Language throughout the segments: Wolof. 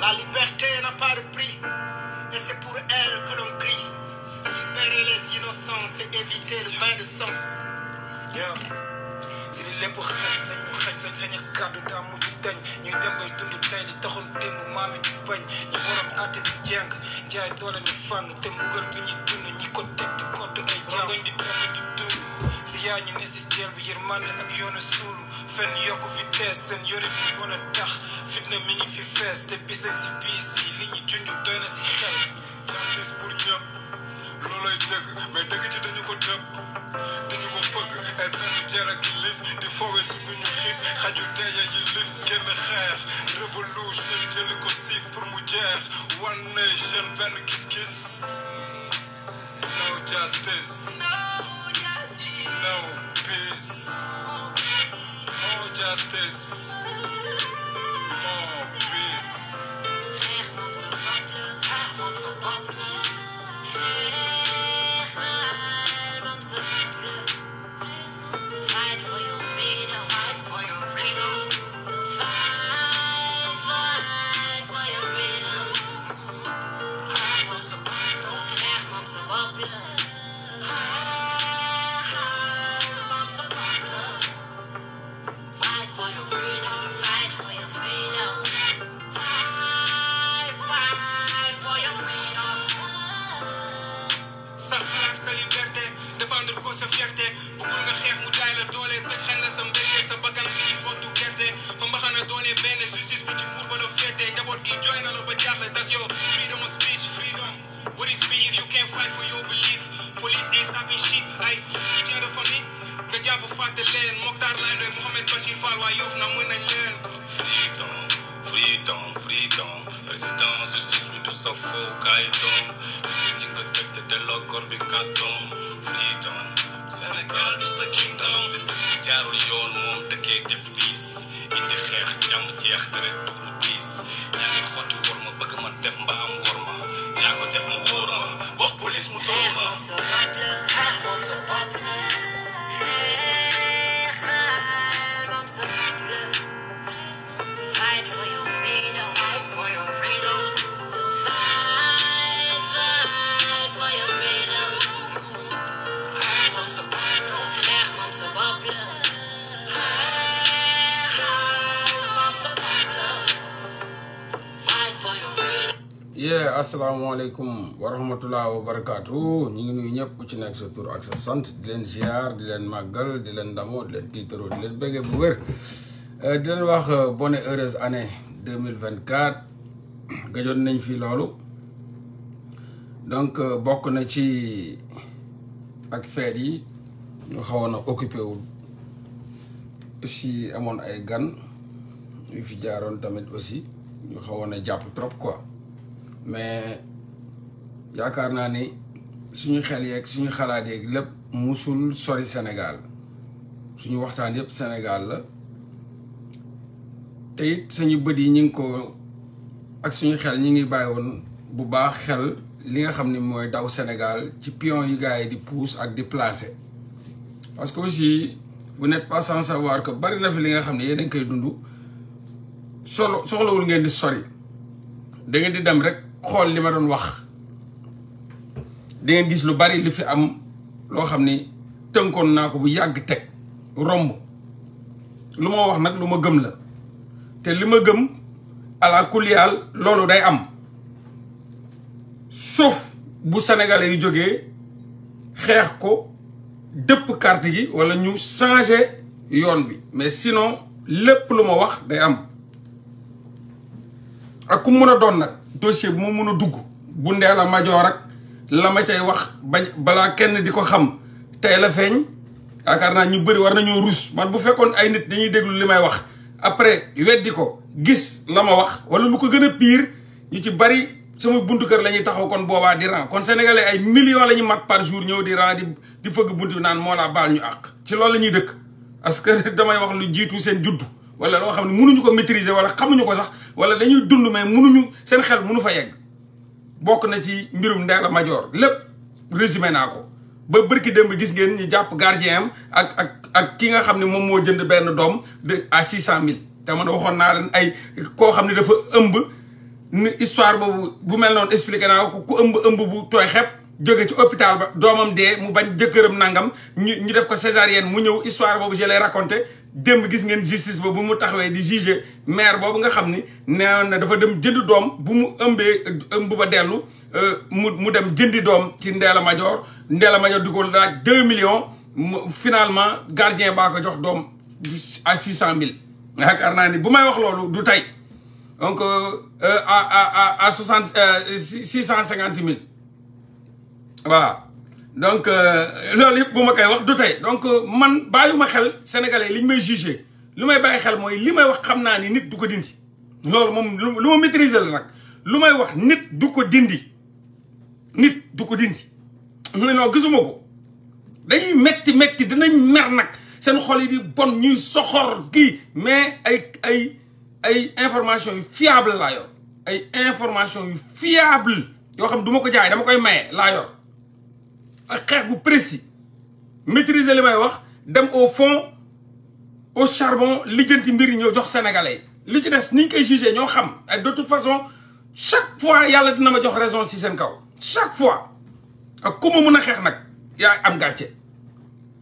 La liberté n'a pas de prix et c'est pour elle que l'on crie. Libérer les innocents, c'est éviter le bain de sang. yow lépp xañ nañ mu xañ sañ sañ a kàddu dañ ñuy dem bay dund tey li taxoon démb maam bañ ñu waroon àtte di jeng jaay doole ni fàng te mbugal ay jaam di dem di dund si yaa ñu ne si jeel bi yërmande ak yoonu suulu fenn yokk vitesse seen yore bi bon tax fees te bis ak si biis yi li ñu junj doy na si xel justice pour ñëpp looloy dëgg mais dëgg ji dañu ko dëpp dañu ko fëgg ay benn jeel ak lif di foowe dund ñu xiif xaju teeya yi lif génn xeex révolution jëli ko siif pour mu jeex one nation benn gis-gis fàtte leen Moktar lay doy Mouhamed Bachir Fall waa Yoff na mën nañ leen freedom freedom freedom président justice bi sa foo kaay doom ñi nga teg te delloo kor bi carton du sa kingdom justice bi jaarul yoon moom dëkkee def diis indi xeex jàmm jeex tere tuuru diis yaa ngi ma def mba am war ko def mu wóor ma wax mu door Fight for your freedom. Fight for your freedom. yee asalaamaaleykum wa rahmatullah wa ñu ngi ñëpp ku ci nekk sa tur ak sa sant di leen ziar di leen màggal di leen ndamoo di leen tiitaroo di leen béggee bu wér eh, di leen wax eh, bone heureuse année deux mille vingt quatre gajoon nañ fi loolu donc eh, bokk na ci ak feet yi ñu xawoon a occupé wul si amoon ay gan yu fi jaaroon tamit aussi ñu xawoon a jàpp trop quoi. mais yaakaar naa ni suñu xel yeeg suñu xalaat yeeg lépp musul sori Sénégal suñu waxtaan yëpp Sénégal la te it suñu bët yi ñu ngi ko ak suñu xel ñi ngi bàyyi woon bu baax xel li nga xam ne mooy daw Sénégal ci pion yu gars yi di pousse ak di placer parce que aussi vous n'êtes pas sans savoir ko bari na fi li nga xam ne yéen a ngi koy dund solo soxlawul ngeen di sori da di dem rek. xool li ma doon wax di gis lu bari lu fi am loo xam ni tënkoon naa ko bu yàgg teg romb lu ma wax nag lu ma gëm la te li ma gëm ala kulliyaal loolu day am sauf bu sénégalais yi jógee xeex ko dëpp kart gi walla ñu changer yoon bi mais sinon lépp lu ma wax day am ak ku mun a doon nag dossier bu ma mën a dugg bu ndee la majoor ak la ma cay wax bañ balaa kenn di ko xam tey la feeñ yaakaar naa ñu bëri war nañoo rus man bu fekkoon ay nit dañuy déglu li may wax après weddi ko gis la ma wax wala lu ko gën a pire ñu ci bari sama buntu kër la ñuy taxaw kon boobaa di ran kon sénégalais ay millions la ñu mat par jour ñëw di ran di fëgg buntu bi naan moo laa baal ñu àq ci loolu la ñuy dëkk parce que damay wax lu jiitu seen juddu wala loo xam ne mënuñu ko maîtriser wala xamuñu ko sax wala dañuy dund mais mënuñu seen xel mënu fa yegg bokk na ci mbirum Ndella Madior lépp résumé naa ko ba bërki démb gis ngeen ñi jàpp gardien am ak ak ak ki nga xam ne moom moo jënd benn doom de à six cent mille te man waxoon naa leen ay koo xam ne dafa ëmb ni histoire boobu bu mel noonu expliqué naa ko ku ëmb ëmb bu tooy xepp jóge ci hôpital ba doomam dee mu bañ jëkkëram nangam ñu ñu def ko césarienne mu ñëw histoire boobu je l'ai raconté démb gis ngeen justice ba bu mu taxawee di juger maire boobu nga xam ni neewoon na dafa dem jënd doom bu mu ëmbee ëmb ba dellu euh, mu mu dem jëndi doom ci Ndella Madior Ndella Madior di ko laaj deux million finalement gardien baa ko jox doom à six cent mille yaakaar naa ni bu may wax loolu du tey donc a euh, euh, à à soixante six cent cinquante mille voilà donc loolu euh, yëpp bu ma koy wax du tey donc euh, man bàyyiwuma xel sénégalais liñ may jugé li may bàyyi xel mooy li may wax xam naa ni nit du ko dindi loolu moom lu ma maîtriser la nag lu may wax nit du ko dindi nit du ko dindi non gisuma ko dañuy metti metti dinañ mer nag seen xol yi di bon ñuy soxor kii mais ay ay ay information yu fiable laa yor ay information yu fiable yoo xam du ko jaay dama koy maye laa yor ak xeex bu précis maîtriser li may wax dem au fond au charbon lijjanti mbir ñëw jox sénégalais yi li ci des ni koy jugé ñoo xam ay de toute façon chaque fois yàlla dina ma jox raison si seen kaw chaque fois ak ku ma mun a xeex nag yaa am gàcce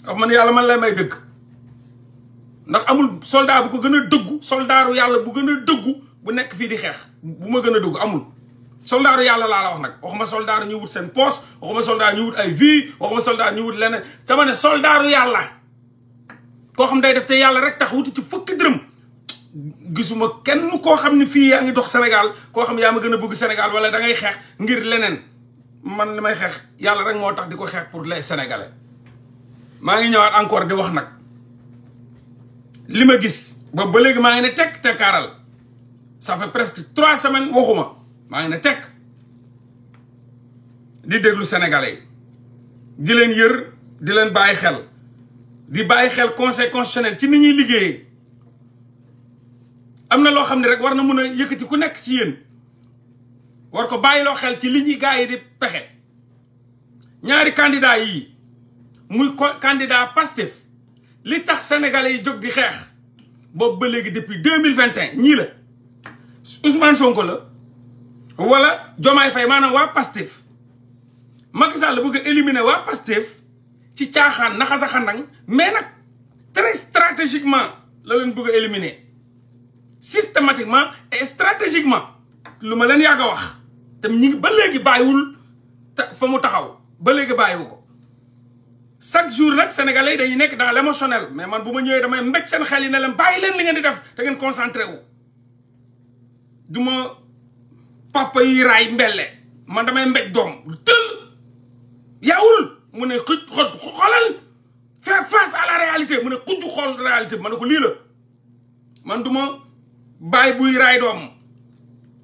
wax man yàlla man lay may dëgg ndax amul soldat bu ko gën a dëggu soldaaru yàlla bu gën a dëggu bu nekk fii di xeex bu ma gën a dëggu amul soldaaru yàlla laa la wax nag waxuma soldaaru ñu wut seen poos waxuma soldaaru ñu wut ay vie waxuma soldaaru ñu wut leneen dama ne soldaaru yàlla koo xam day def te yàlla rek tax wuti ci fukki dërëm gisuma kenn koo xam ni fii yaa ngi dox Sénégal koo xam yaa ma gën a bëgg Sénégal wala da ngay xeex ngir leneen man li may xeex yàlla rek moo tax di ko xeex pour la Sénégalais maa ngi ñëwaat encore di wax nag li ma gis ba ba léegi maa ngi ne tekk tekkaaral ça presque trois semaines waxuma maa ngi ne tekk di déglu sénégalais yi di leen yër di leen bàyyi xel di bàyyi xel conseil constitutionnel ci ni ñuy liggéeyee am na loo xam ne rek war na mun a yëkkati ku nekk ci yéen war ko bàyyi loo xel ci li ñuy gars yi di pexe ñaari candidat yi muy candidat Pastef li tax sénégalais yi jóg di xeex boobu ba léegi depuis deux mille vingt et un ñii la Ousmane Sonko la. wala Jomaay Fay maanaam waa Pastef Macky Sall bëgg a éliminer waa Pastef ci caaxaan naxa sa mais nag très stratégiquement la leen bëgg a éliminer systématiquement et stratégiquement lu ma leen yàgg a wax te ñi ngi ba léegi bàyyiwul fa mu taxaw ba léegi bàyyiwu ko chaque jour nag sénégalais yi dañuy nekk dans l' émotionnel mais man bu ma ñëwee damay mbéj seen xel yi ne leen bàyyi leen li ngeen di def te ngeen concentré ma papa yi raay mbelle man damay mbéj doom tël yawul mu ne xuj xoolal faire face à la réalité mu ne xuj xool réalité bi ma ko lii la man du ma bàyyi buy raay doom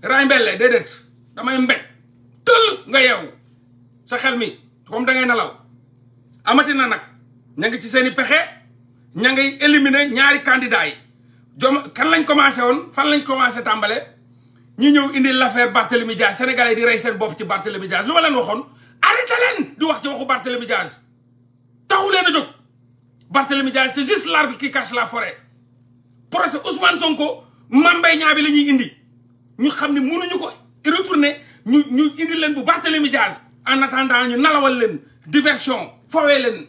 raay mbelle déedéet damay mbéj tël nga yeewu sa xel mi comme da ngay nelaw amati na nag ña ci seen i pexe ña ngay éliminer ñaari candidats yi jom kan lañ commencé woon fan lañ commencé tàmbale ñi ñëw indi l'affaire Barthélemy Diaz sénégalais di rey seen bopp ci Barthélemy Diaz lu ma leen waxoon arrêté leen di wax ci waxu Barthélemy Diaz taxu leen a jóg Barthélemy Diaz c'est juste l'arbre qui cache la forêt procès Ousmane Sonko mambay ñaa bi la ñuy indi ñu xam ne mënuñu ko retourner ñu ñu indi leen bu Barthélemy Diaz en attendant ñu nalawal leen diversion fowee leen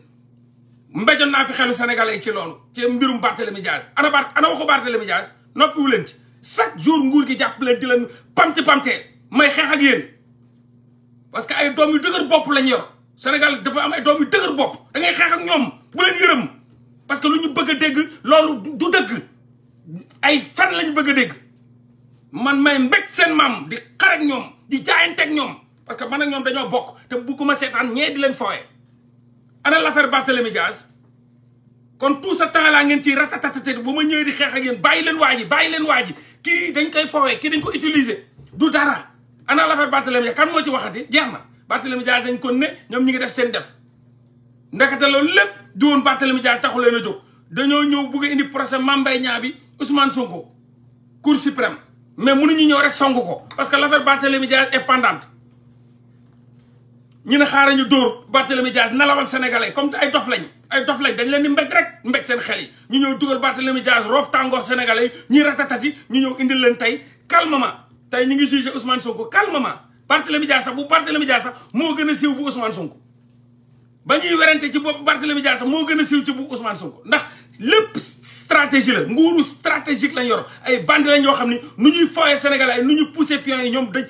mbejoon naa fi xelu yi ci loolu ci mbirum Barthélemy Diaz ana Bart ana waxu Barthélemy Diaz noppiwu leen ci chaque jour nguur gi jàpp leen di leen pamte pamte may xeex ak yéen parce que ay doom yu dëgër bopp lañ yor Sénégal dafa am ay doom yu dëgër bopp da ngay xeex ak ñoom bu leen yërëm parce que lu ñu bëgg a dégg loolu du dëgg ay fan lañu bëgg a dégg man may mbéj seen maam di xar ñoom di jaayanteeg ñoom parce que man ak ñoom dañoo bokk te bu ko ma seetaan ñee di leen fooye ana l'affaire Barthélémy Diaz kon tout ce temps ngeen ci ratatatate bu ma ñëwee di xeex ak bàyyi leen waa ji bàyyi leen waa kii dañ koy fowee kii dañ ko utiliser du dara ana la fa Barthélemy kan moo ci waxati jeex na Barthélemy Dias dañ ko ne ñoom ñi ngi def seen def ndekete loolu lépp di woon Barthélemy Dias taxu leen a jóg dañoo ñëw bugg indi procès Mame Mbaye Niang bi Ousmane Sonko cour suprême mais mënuñu ñëw rek song ko parce que l'affaire Barthélemy Dias est pendante ñu ne xaarañu dóor Barthélemy Dias nalawal sénégalais comme ay dof lañ ay dof lañ dañ leen di mbéj rek mbéj seen xel yi ñu ñëw dugal Barthélemy Diaz roof tàngoor sénégalais yi ñuy ratatati ñu ñëw indil leen tey calmement tey ñu ngi jugé Ousmane Sonko calmement Barthélemy Diaz sax bu Barthélemy Diaz sax moo gën a siiw bu ba ñuy werante ci bopp Barthélemy Diaz sax moo gën a siiw ci bu Ousmane Sonko ndax lépp stratégie la nguuru stratégique lañ yoro ay bandi lañ yoo xam ni nu ñuy foyee sénégalais yi nu ñuy poussé pion yi ñoom dañ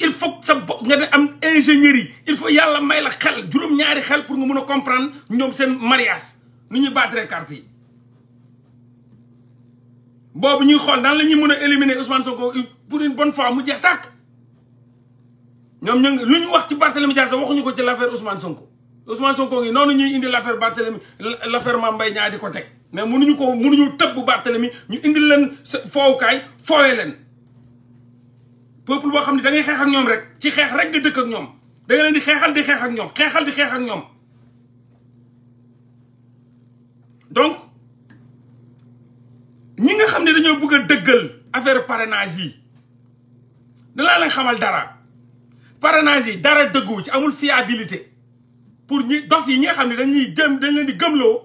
il faut sa bopp nga am ingénieur yi il faut yàlla may la xel juróom-ñaari xel pour nga mun a comprendre ñoom seen mariage nu ñuy battre carte yi. boobu ñuy xool nan la ñuy mën a éliminer usman Sonko pour une bonne fois mu jeex tàkk ñoom ñu ngi lu ñu wax ci Barthélemy Dias waxuñu ko ci l' affaire Ousmane Sonko Ousmane Sonko ngi noonu ñuy indi l' affaire Barthélemy l' affaire Mame Mbaye di ko teg mais mënuñu ko mënuñu tëb bu Barthélemy ñu indi leen foowukaay foowee leen. peuple boo xam ne da ngay xeex ak ñoom rek ci xeex rek nga dëkk ak ñoom da leen di xeexal di xeex ak ñoom xeexal di xeex ak ñoom donc ñi nga xam ne dañoo bugg a dëggal affaire parrainage yi danaa leen xamal dara parrainage yi dara dëgguwu ci amul fiabilité pour ñi dof yi ñi nga xam ne dañuy jëm dañ leen di gëmloo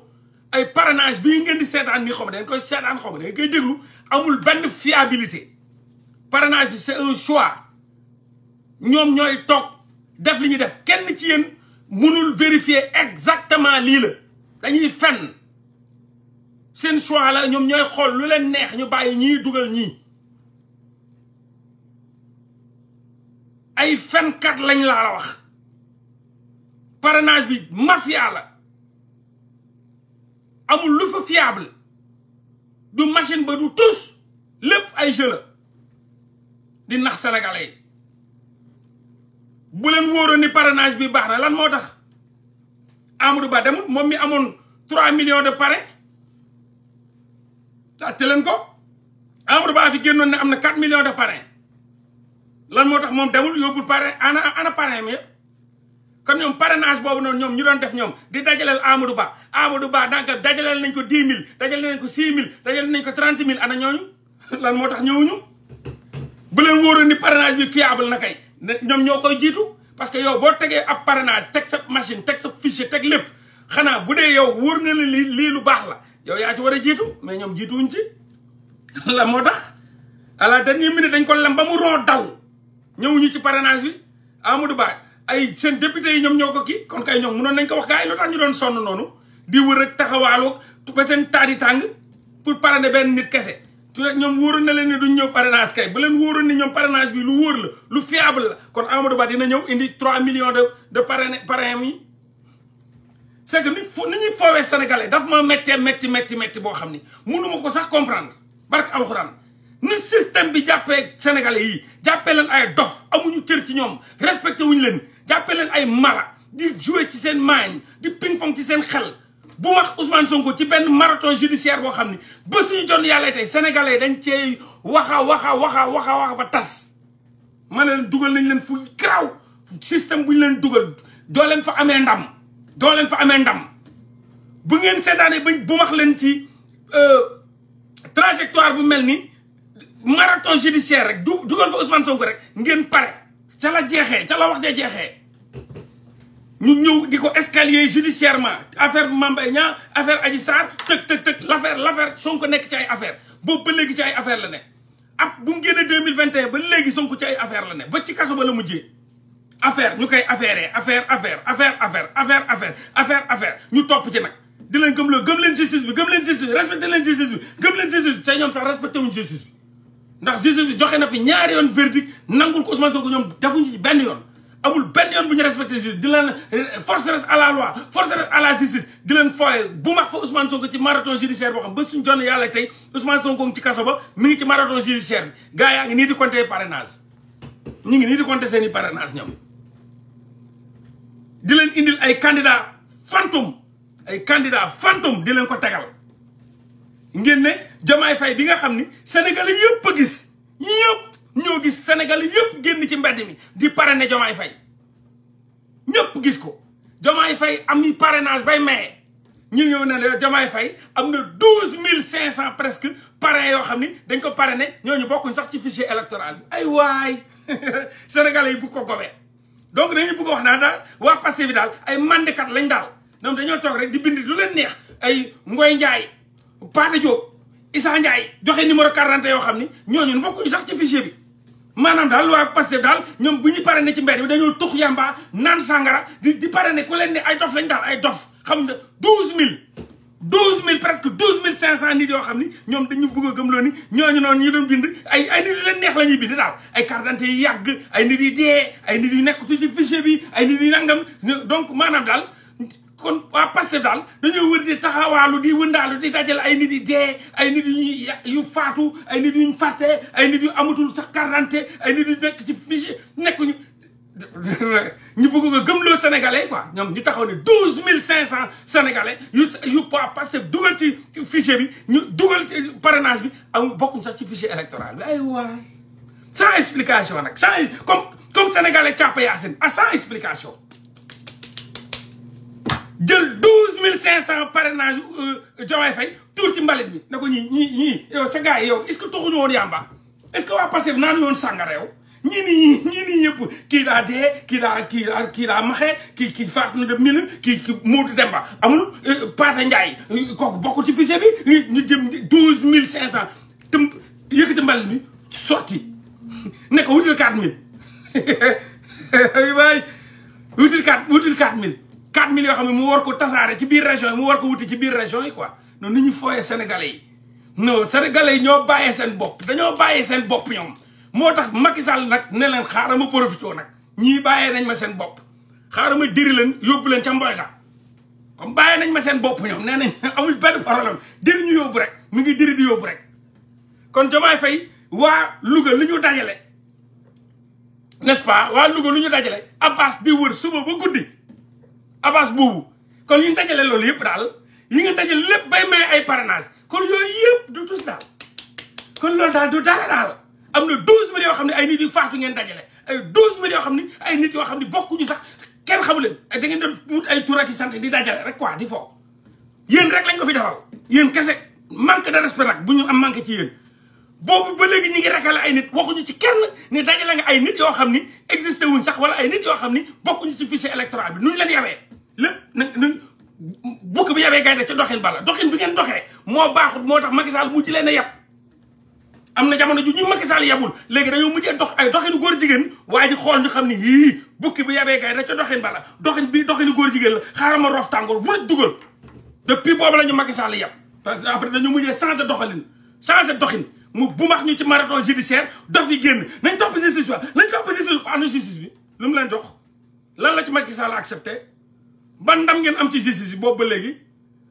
ay parrainage bii ngeen di seetaan nii xaw ma dañ koy seetaan xaw ma dañ koy déglu amul benn fiabilité parenage bi c'est un choix ñoom ñooy toog def li ñuy def kenn ci yéen mënul vérifier exactement lii la dañuy fenn seen choix la ñoom ñooy xool lu leen neex ñu bàyyi ñii dugal ñii ay fenkat lañ laa la wax parrainage bi mafia la amul lu fa fiable du machine ba du tous lépp ay jeu di nax sénégalais bu leen wóoroon ni parenage bi baax na lan moo tax Amadou Ba demul moom mi amoon trois millions de parrain te leen ko Amadou Ba fi génnoon ne am na quatre millions de parrain lan moo tax moom demul yóbbul parrain ana ana parrain mi kon ñoom parrainage boobu noonu ñoom ñu doon def ñoom di dajaleel Amadou Ba Amadou Ba daanaka dajaleel nañ ko dix mille dajaleel nañ ko six mille dajaleel nañ ko trente mille ana ñooñu lan moo tax ñëwuñu bu leen wóoroon ni parrainage bi fiable na kay ñoom ñoo koy jiitu parce que yow boo tegee ab parenage teg sa machine teg sa fichier teg lépp xanaa bu dee yow wóor na la lii lii lu baax la yow yaa ci war a jiitu mais ñoom jiituwuñ ci la moo tax à la dernière minute dañ ko lem ba mu roo daw ñëwuñu ci parrainage bi Amadou baax ay seen député yi ñoom ñoo ko kii kon kay ñoom mënoon nañ ko wax gars yi lu tax ñu doon sonn noonu di wër rek taxawaaloo ba seen taat yi tàng pour parrainer benn nit kese ñoom wóoroon na leen ne duñ ñëw parrainage kay bu leen wóoroon ni ñoom parrainage bi lu wóor la lu fiable la kon Amadou Ba dina ñëw indi 3 millions de de parrain parrain yi c'est que ni ni ñuy foowee sénégalais daf ma méttee métti métti métti boo xam ni mënu ko sax comprendre am alxuraan ni système bi jàppee sénégalais yi jàppee leen ay dof amuñu cër ci ñoom respecté wuñ leen jàppee leen ay mala di jouer ci seen maañ di ping pong ci seen xel. bu wax Ousmane Sonko ci benn marathon judiciaire boo xam ni ba suñu jonn yàlla tey sénégalais dañ cee waxa waxa waxa waxa waxa ba tas ma ne dugal nañ leen fu garaaw système bu ñu leen dugal doo leen fa amee ndam doo leen fa amee ndam bu ngeen seetaanee bañ bu wax leen ci euh, trajectoire bu mel ni marathon judiciaire rek du dugal fa Ousmane Sonko rek ngeen pare ca la jeexee ca la wax dee jeexee ñu ñëw di ko escalier judiciairement affaire Mame Mbaye Niang affaire Adji Sarr tëg tëg tëg l' affaire nekk ci ay affaire boobu ba léegi ci ay affaire la ne ak bu mu génnee deux mille vingt et un ba léegi Sonko ci ay affaire la ne ba ci kaso ba la mujjee affaire ñu koy affaire affaire affaire affaire affaire affaire affaire affaire affaire ñu topp ci nag di leen gëm loo gëm leen justice bi gëm leen justice bi respecté gëm leen justice bi te ñoom sax respecté wuñ justice bi ndax justice bi joxe na fi ñaari yoon verdict nangul ko Ousmane Sonko ñoom ci benn yoon amul benn yoon bu ñu respecté justice di leen forceresse à la loi forceresse à la justice di leen fooye bu max fa Ousmane Sonko ci marathon judiciaire boo xam ba suñ jonn yàlla tey Ousmane Sonko ngi ci kaso ba mi ngi ci marathon judiciaire bi gars yaa ngi nii di compter parrainage ñu ngi nii di compter seen i parrainage ñoom di leen indil ay candidat fantôme ay candidat fantôme di leen ko tegal ngeen ne Diomaye bi nga xam ni Sénégalais yëpp a gis ñëpp ñoo gis Sénégal yëpp génn ci mbedd mi di pare ne Diomaye fay ñëpp gis ko Diomaye fay am ni parrainage bay maye ñu ñëw ne la Diomaye fay am na douze mille cinq cent presque parrain yoo xam ni dañ ko ne ñoo ñu bokkuñ sax ci fichier électoral bi ay waay sénégalais yi bu ko gobee donc dañu bëgg wax naa daal waa Pastef bi daal ay mandikat lañ daal ñoom dañoo toog rek di bind du leen neex ay Ngoy Njaay Paate Diop Issa Ndiaye joxe numéro carte yoo xam ni ñooñu ñu sax ci fichier bi maanaam daal waa Pastef daal ñoom bu ñu paree ne ci mbedd bi dañoo tux yamba naan sangara di di pare ne ku leen ay dof lañ daal ay dof xam nga douze mille douze mille presque douze mille cinq cent nit yoo xam ni ñoom dañu bëgg a gëmloo ni ñooñu noonu ñu doon bind ay ay nit yu leen neex la bind daal ay carte d'identité yàgg ay nit yi dee ay nit yu nekk ci fichier bi ay nit yu nangam donc maanaam daal kon waa Pastef daal dañoo wër di taxawaalu di wëndaalu di dajal ay nit yu dee ay nit yu ñuy yu faatu ay nit yuñ fàtte ay nit yu amatul sax quarante ay nit yu nekk ci fiche nekkuñu ñu bëgg ko gëmloo sénégalais quoi ñoom ñu taxaw ne douze mille cinq cent sénégalais yu yu waa Pastef dugal ci fichier bi ñu dugal ci parrainage bi am bokkuñ sax ci fichier électoral bi ay waay sa explication nag sans comme comme sénégalais càpp yaasin ah sans explication jël douze mille cinq cent parrainage euh, Diomaye Faye tuur ci mbalit bi ne ko ñii ñii ñii yow sa gars yi yow est ce que toxuñu woon yàmba est ce que waa Pastef naan woon sàngara yow ñii nii ñii nii ñëpp kii daa dee kii daa kii daa kii daa maxe kii kii Fatou Ndeye kii kii Modou Demba amul euh, Pate Ndiaye euh, kooku bokk ci fichier bi ñu jëm douze mille cinq cent te yëkkati mbalit bi sorti ne ko wutil quatre mille waay wutil quatre wutil quatre mille quatre millions yoo xam ne mu war ko tasaare ci biir région yi mu war ko wuti ci biir région yi quoi noonu ñu fooyee sénégalais yi non sénégalais yi ñoo bàyyee seen bopp dañoo bàyyee seen bopp ñoom moo tax Macky Sall nag ne leen xaaral ma profité nag ñii bàyyee nañ ma seen bopp xaaral ma diri leen yóbbu leen ca mboy ga comme nañ ma seen bopp ñoom nee nañ amul benn problème diri ñu yóbbu rek mu ngi diri di yóbbu rek kon Diomaye Faye waa Louga li ñu dajale nest pa pas waa Louga lu ñu dajale Abbas di wër suba ba guddi Abbas boobu kon ñu dajale loolu yëpp daal yi nga dajale lépp bay may ay parrainage kon loolu yëpp du tus daal kon loolu daal du dara daal am na douze mille yoo xam ne ay nit yu faatu ngeen dajale ay douze mille xam ne ay nit yoo xam ne bokkuñu sax kenn xamu leen ngeen doon wut ay tur ak i sant di dajale rek quoi di foo yéen rek lañ ko fi defal yéen kese manque de respect nag bu ñu am manqué ci yéen boobu ba léegi ñi ngi rakale ay nit waxuñu ci kenn ne dajale nga ay nit yoo xam ni existé wuñ sax wala ay nit yoo xam ni bokkuñu ci fichier électoral bi nuñ leen yawee lépp nag nag bukk bi yabee gaynde ca doxin bala doxin bi ngeen doxee moo baaxut moo tax Macky Sall mujj leen a yab am na jamono ju ñu Macky Sall yabul léegi dañoo mujjee dox ay doxinu góor jigéen waa ji xool ñu xam ni yii bukki bi yabee gaynde ca doxin bala doxin bi doxinu góor jigéen la xaaral ma rof tàngoor bu dugal depuis boobu la ñu Macky Sall yab parce que après dañoo mujjee changé doxalin changé doxin mu bumax ñu ci marathon judiciaire dof yi génn nañ topp justice bi nañ topp justice bi am na justice bi lu mu leen jox lan la ci Macky Sall accepté ban ndam ngeen am ci justice bi boobu ba léegi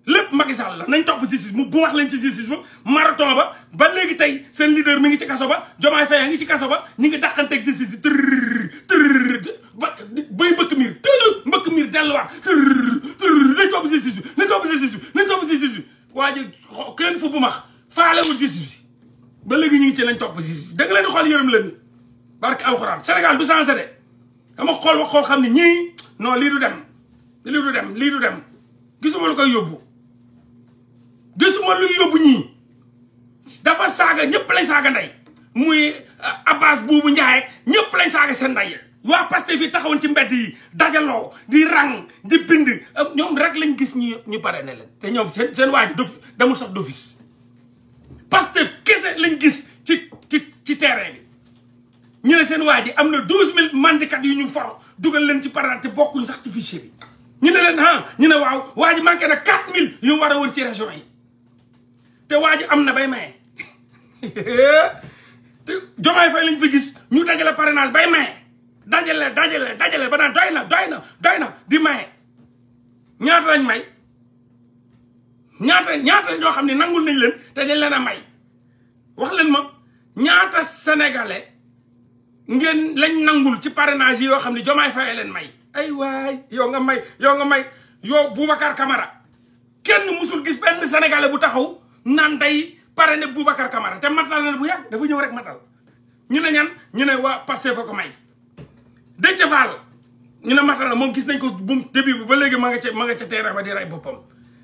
lépp Macky Sall la nañ topp justice mu bu wax leen ci justice ba marathon ba ba léegi tey seen leader mi ngi ci kaso ba Diomaye Faye a ngi ci kaso ba ñu ngi dàqanteeg justice bi tërr tërr ba bay mbëkk miir tërr mbëkk miir delluwaat tërr tërr nañ topp justice bi nañ topp justice bi nañ waa ji bu max faalewul justice bi ba léegi ñu ngi ci nañ topp justice bi da nga leen xool yërëm leen barke alxuraan Sénégal du changé de dama xool xool xam ne ñii non lii du dem lii du dem lii du dem gisuma lu koy yóbbu gisuma luy yóbbu ñii dafa saaga ñëpp lañ saaga ndey muy eh, Abbas boobu Ndiaye ñëpp lañ saaga seen ndey waa Pastef fi taxawoon ci mbedd yi dajaloo di rang di bind eh, ñoom rek lañ gis ñu ñu bare ne leen te ñoom seen seen waa ji dof demul sax d'office Pastef kese lañ gis ci ci ci terrain bi ñu ne seen waa ji am na douze mille mandikat yu ñu for dugal leen ci parrainage te bokkuñ sax ci fichier bi ñu ne leen ah ñu ne waaw waa ji manqué na 4000 yu mu war a wër ci région yi te waa am na bay maye te jomaay fay lañ fi gis ñu dajale parrainage bay maye dajale dajale dajale ba naan doy na doy na doy na di maye ñaata lañ may ñaata ñaata ñoo xam ne nangul nañ leen te dañ leen a may wax leen ma ñaata sénégalais. ngeen lañ nangul ci parrainage yi yoo xam ne Diomaye Faye leen may ay waay yow nga may yow nga may yow Boubacar Camara kenn musul gis benn sénégalais bu taxaw naan day ne Boubacar Camara te matal na bu yàgg dafa ñëw rek matal ñu ne ñan ñu ne waa Pastef foo ko may Déthié Fall ñu ne matal na moom gis nañ ko bu début bi ba léegi ma nga ma nga ca teera ba di boppam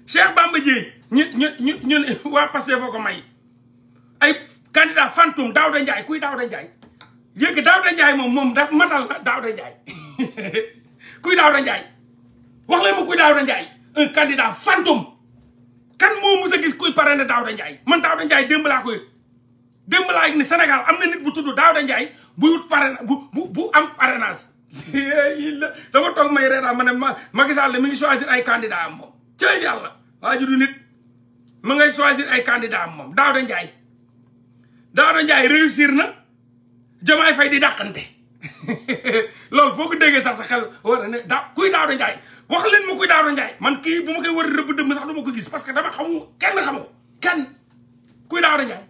Cheikh Bamba Dièye ñu ñu ñu ñu ko may ay candidat fantôme Daouda Ndiaye kuy Daouda Ndiaye léegi Daouda Ndiaye moom moom da matal na Daouda da kuy Daouda Ndiaye wax leen ma kuy Daouda Ndiaye un candidat fantôme kan moo mus a gis kuy parrainé Daouda Ndiaye man Daouda Ndiaye démb laa koy démb laa yëg ni am na nit bu tudd Daouda Ndiaye buy wut parrain bu bu bu am parrainage dama toog may ma ne ma Macky Sall mi ngi choisir ay candidat am moom ci yàlla ma ngay choisir ay am moom Daouda Ndiaye réussir na Diomaye Faye di dàqante loolu foo ko déggee sax sa xel war ne da kuy Daouda Ndiaye wax leen ma kuy Daouda Ndiaye man kii bu ma koy war a rëbb sax du ma ko gis parce que dama xamu kenn xamu ko kenn kuy Daouda Ndiaye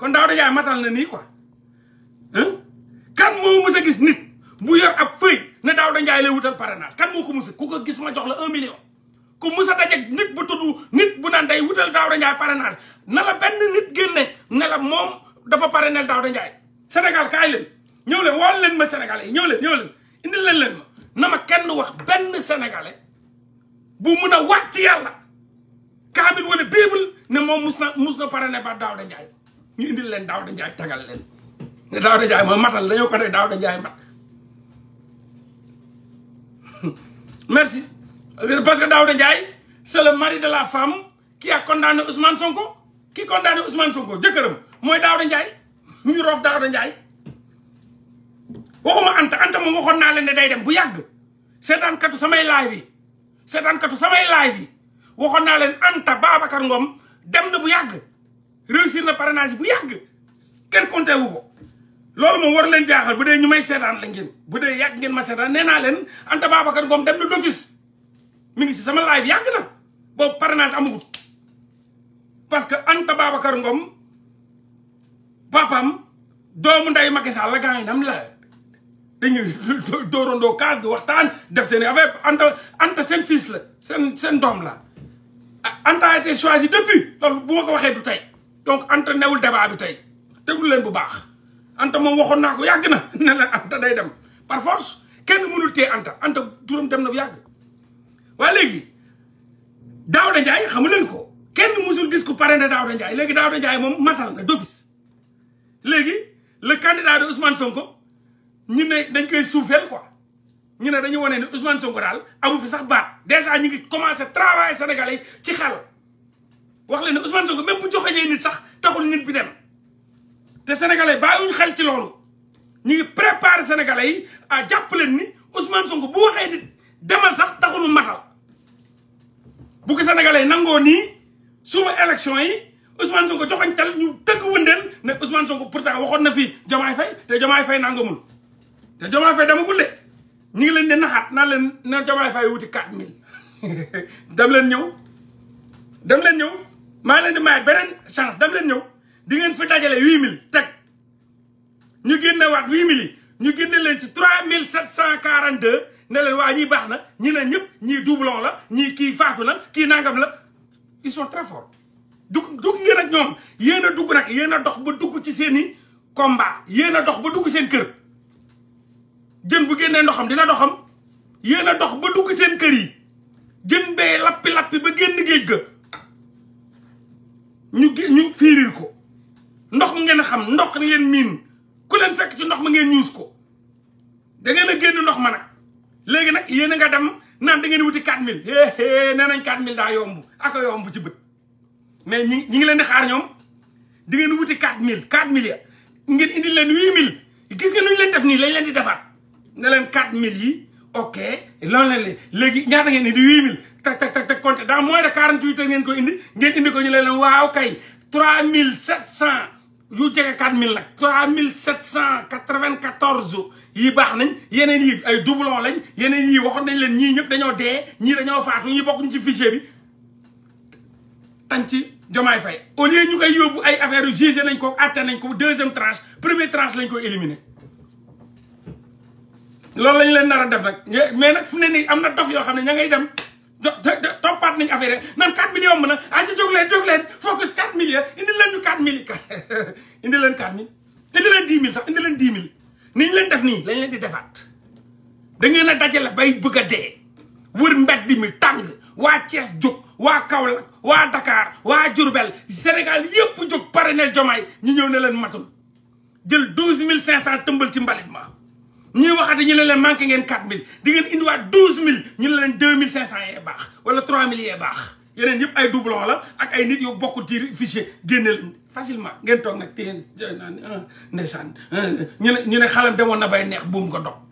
kon Daouda Ndiaye matal na nii quoi kan moo mës a gis nit bu yor ab feuille ne Daouda Ndiaye lay wutal parrainage kan moo ko mës a ku ko gis ma jox la un million ku mës a daje nit bu tudd nit bu naan day wutal Daouda Ndiaye parrainage na la benn nit génne ne moom dafa parrainel da Ndiaye Sénégal kaay leen ñëw leen woo leen ma sénégalais ñëw leen ñëw leen indil leen leen ma na ma kenn wax benn sénégalais bu mun a waat ci yàlla kaamil wala bible ne moom mus na mus na pare ne ba Daouda Ndiaye ñu indil leen Daouda Ndiaye tagal leen ne Daouda Ndiaye mooy matal dañoo ko merci parce que Daouda Ndiaye c'est le mari de la femme qui a condamné Ousmane Sonko qui condamné Ousmane Sonko jëkkëram mooy Daouda Ndiaye mu ngi roof Daouda Ndiaye waxuma Anta Anta moom waxoon naa leen ne day dem bu yàgg seetaankatu samay live yi seetaankatu samay live yi waxoon naa leen Anta Babacar Ngom dem na bu yàgg réussir na parrainage bu yàgg kenn compté wu ko loolu moom war leen jaaxal bu dee ñu may seetaan la ngeen bu yàgg ngeen ma seetaan nee naa leen Anta Babacar dem na d'office mi ngi si sama live yàgg na boobu parrainage amagut parce que Anta Babacar Ngom papam doomu nday Macky Sall la gaa yi nam la dañuy waxtaan def seen affaire anta anta seen la seen seen doom la anta a été choisi depuis ko waxee du tey donc anta newul débat tey tegul leen bu baax anta moom waxoon naa ko yàgg na ne la anta day dem par force kenn mënul téye anta anta turam dem na bu yàgg waaye léegi Daouda Ndiaye xamu leen ko kenn mësul gis ku parrainé Daouda Ndiaye léegi Daouda Ndiaye moom matal na d'office léegi le candidat de Ousmane Sonko ñu ne dañ koy suufeel ko ñu ne dañu wane ne Ousmane Sonko daal amu fi sax baat déjà ñu ngi commencé travailler sénégalais yi ci xel wax leen ne Ousmane Sonko même bu joxoñee nit sax taxul nit bi dem te sénégalais bàyyiwuñu xel ci loolu ñu ngi préparer sénégalais yi a jàpp leen ni Ousmane Sonko bu waxee nit demal sax taxul matal bu ko sénégalais nangoo nii suma élection yi. Ousmane Sonko joxañtal ñu dëgg wëndeel ne ko pour pourtant waxoon na fii Diomaye Faye te Diomaye Faye nangamul te Diomaye Faye dama gulle ñu ngi leen di naxaat naa leen na Diomaye Faye wuti 4000 dam leen ñëw dam leen ñëw maa leen di mayaat beneen chance dam leen ñëw di ngeen fi dajale 8000 teg ñu génne waat 8000 yi ñu génne leen ci 3742 ne leen waa ñii baax na ñi ne ñëpp ñii doublon la ñii kii faatu na kii nangam la ils sont très dugg dugg ngeen ak ñoom yéen a dugg nag yéen a dox ba dugg ci seen i yéen a dox ba dugg seen kër jën bu génnee ndoxam dina doxam yéen a dox ba dugg seen kër yi jën bee lappi-lappi ba génn géej ga ñu ñu fiirir ko ndox mu ngeen xam ndox ngeen miin ku leen fekk ci ndox ma ngeen ñuus ko da ngeen a génn ndox ma nag léegi nag yéen a nga dem naan da ngeen wuti 4000 hee hee nee nañ 4000 daa yomb ak yomb ci bët mais ñi ñi ngi leen di xaar ñoom di ngeen wuti quatre mille quatre mille ya ngeen indi leen huit mille gis nga nu leen def nii lañ leen di defar ne leen quatre mille yi ok loolu la léegi ñaata ngeen indi huit mille tak tak tak tak compté dans ko indi ngeen indi ko ñu leen waaw kay trois mille sept cent yu jege mille nag trois mille sept cent quatre vingt quatorze yi baax nañ yeneen yi ay doublon lañ yeneen yi waxoon nañ leen ñii ñëpp dañoo dee ñii dañoo faatu ñii bokkuñ ci fichier bi tañ ci Diomaye fay au lieu ñu ko yóbbu ay affaire yu jugé nañ ko àtte nañ ko deuxième tranche première tranche lañ ko éliminer loolu lañ leen nar a def nag mais nag fu ne nii am na dof yoo xam ne ña ngay dem toppaat nañ affaire nan 4 millions yomb na ah ci jóg leen jóg leen focus 4 millions indi leen ñu 4 millions indi leen 4 mille indi leen 10 mille sax indi leen 10 mille ni def nii lañ leen di defaat da ngeen a dajale bay bëgg a dee wër mbedd mi tàng waa Cees jóg waa Kaolack waa Dakar waa Diourbel Sénégal yépp jóg parrainer Diomaye ñi ñëw ne leen matul jël douze mille cinq cent tëmbal ci mbalit ma ñuy waxate ñu ne leen manqué ngeen quatre mille di ngeen indiwaat douze mille ñu ne leen deux mille cinq cent yee baax wala trois mille yee baax yeneen yëpp ay doublon la ak ay nit yu bokk ci fichier génne facilement ngeen toog nag téyeen joy naa ne ah, ndeysaan ah, ñu ne ñu ne xalam demoon na bay neex buum ko dog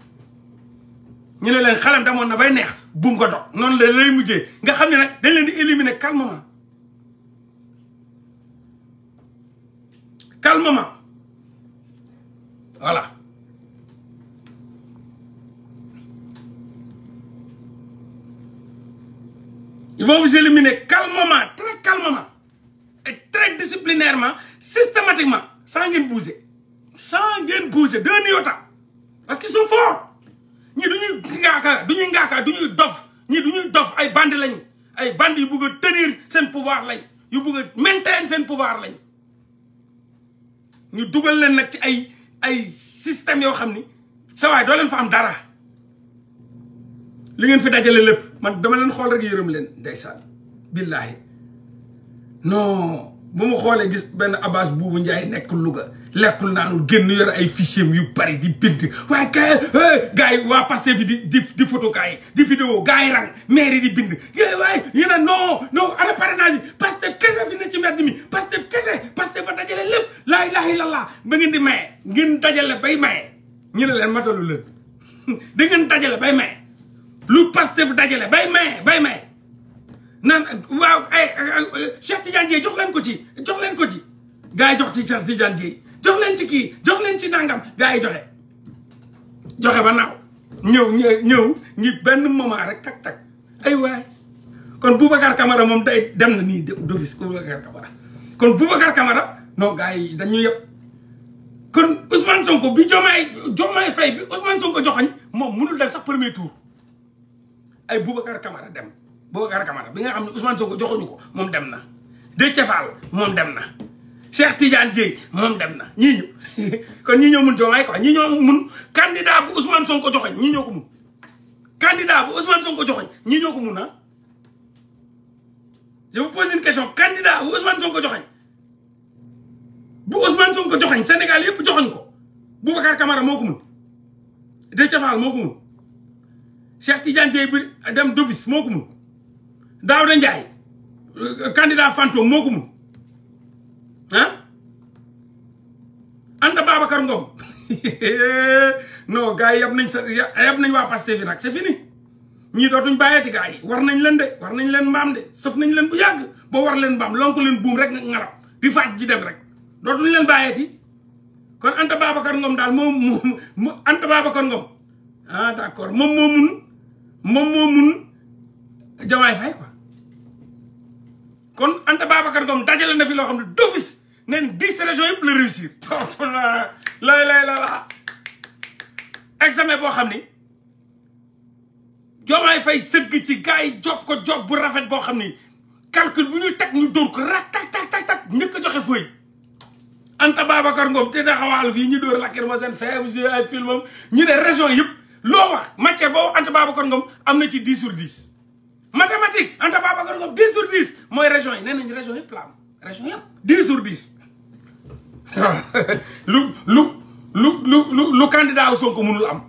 ñu ne leen xalam demoon na bay neex buum ko dog noonu la lay mujjee nga xam ne nag dañ leen di éliminer calmement calmement voilà ils vont vous éliminer calmement très calmement et très disciplinairement systématiquement sans ngeen bouger sans ngeen bouger d'un iota parce qu'ils ñii du ñuy ngaaka du ñuy ngaaka du ñuy dof ñii du ñuy dof ay bandi lañ ay bandi yu bëgg a seen pouvoir lañ yu bugg a maintenir seen pouvoir lañ ñu dugal leen nag ci ay ay système yoo xam ni sa waay doo leen fa am dara li ngeen fi dajale lépp man dama leen xool rek yërëm leen ndeysaan billaahi non bu ma xoolee gis benn Abass Boubou Ndiaye nekk Louga lekkul naanul génn yor ay fichier yu bari di bind waaye kay eh, gars yi waa Pastef fi di di di photo gars yi di vidéo gars bind rang maire di bind eh, waaye ñu ne non non ana parrainage Pastef kese fi ne ci mbedd mi Pastef kese Pastef fa dajale lépp laa ilaha illallah ba ngeen di maye ngeen dajale bay maye ñu ne leen matalu leen da dajale bay maye lu Pastef dajale bay maye bay maye naan waaw ay eh, eh, eh, Cheikh Tidiane jox leen ko ci jox leen ko ci gars yi jox ci Cheikh Tidiane Dièye jox leen ci kii jox leen ci nàngam gars yi joxe joxe ba naaw ñëw ñëw ñi benn moment rek tak tak ay waay kon Boubacar Camara moom day dem na nii d'office Boubacar Camara kon Boubacar Camara non gars yi dañu yëpp kon Ousmane Sonko bi Diomaye Diomaye Faye bi ko jox joxoñ moom mënul dem sax premier tour ay Boubacar Camara dem Boubacar Camara bi nga xam ne Ousmane Sonko joxuñu ko moom dem na. Déthié Fall moom dem na Cheikh Tidiane Dièye moom dem na ñii ñu kon ñii ñoo mun Diomaye quoi ñii ñoo mun candidat bu Ousmane Sonko ko mun. candidat bu Ousmane Sonko joxoñ ñii ñoo ko mun ah je vous pose une question candidat bu Ousmane Sonko joxoñ bu Ousmane Sonko joxoñ Sénégal yëpp joxoñ ko Boubacar Camara moo ko mun Déthié Fall moo ko mun Cheikh Tidiane Dièye bi dem d'office moo ko mun. Daouda Ndiaye candidat fantôme moo ko mun ah Anta Babacar Ngom non gars yi yab nañ sa yab nañ waa Pastef fi nag c'est fini ñii dootuñ bàyyeeti gars war nañ leen de war nañ leen mbaam de sëf nañ leen bu yàgg boo war leen mbaam lonk leen buum rek ngarab di faaj ji dem rek dootuñ leen bàyyeeti kon Anta Babacar Ngom daal moom mu Anta Babacar Ngom ah d'accord moom moo mun moom moo mun Diomaye Faye quoi kon Anta Babacar Ngom dajale na fi loo xam ne d'office neen dix régions yëpp la réussir lay lay la examen boo xam ni Diomaye fay sëgg ci gars yi job ko job bu rafet boo xam ni calcul bu ñu teg ñu dóor ko rak tak tak tak tak njëkk a joxe feuille Anta Babacar Ngom te taxawaal fii ñu dóor lacrymogène fee ay filmam ñu ne réseau yëpp loo wax matière boo Anta Babacar Ngom am na ci dix sur dix mathématique Anta Babacar Ngom 10 sur 10 mooy région yi nee nañ région yëpp la am région yëpp 10 sur 10 lu lu lu lu lu candidat wu Sonko mënul am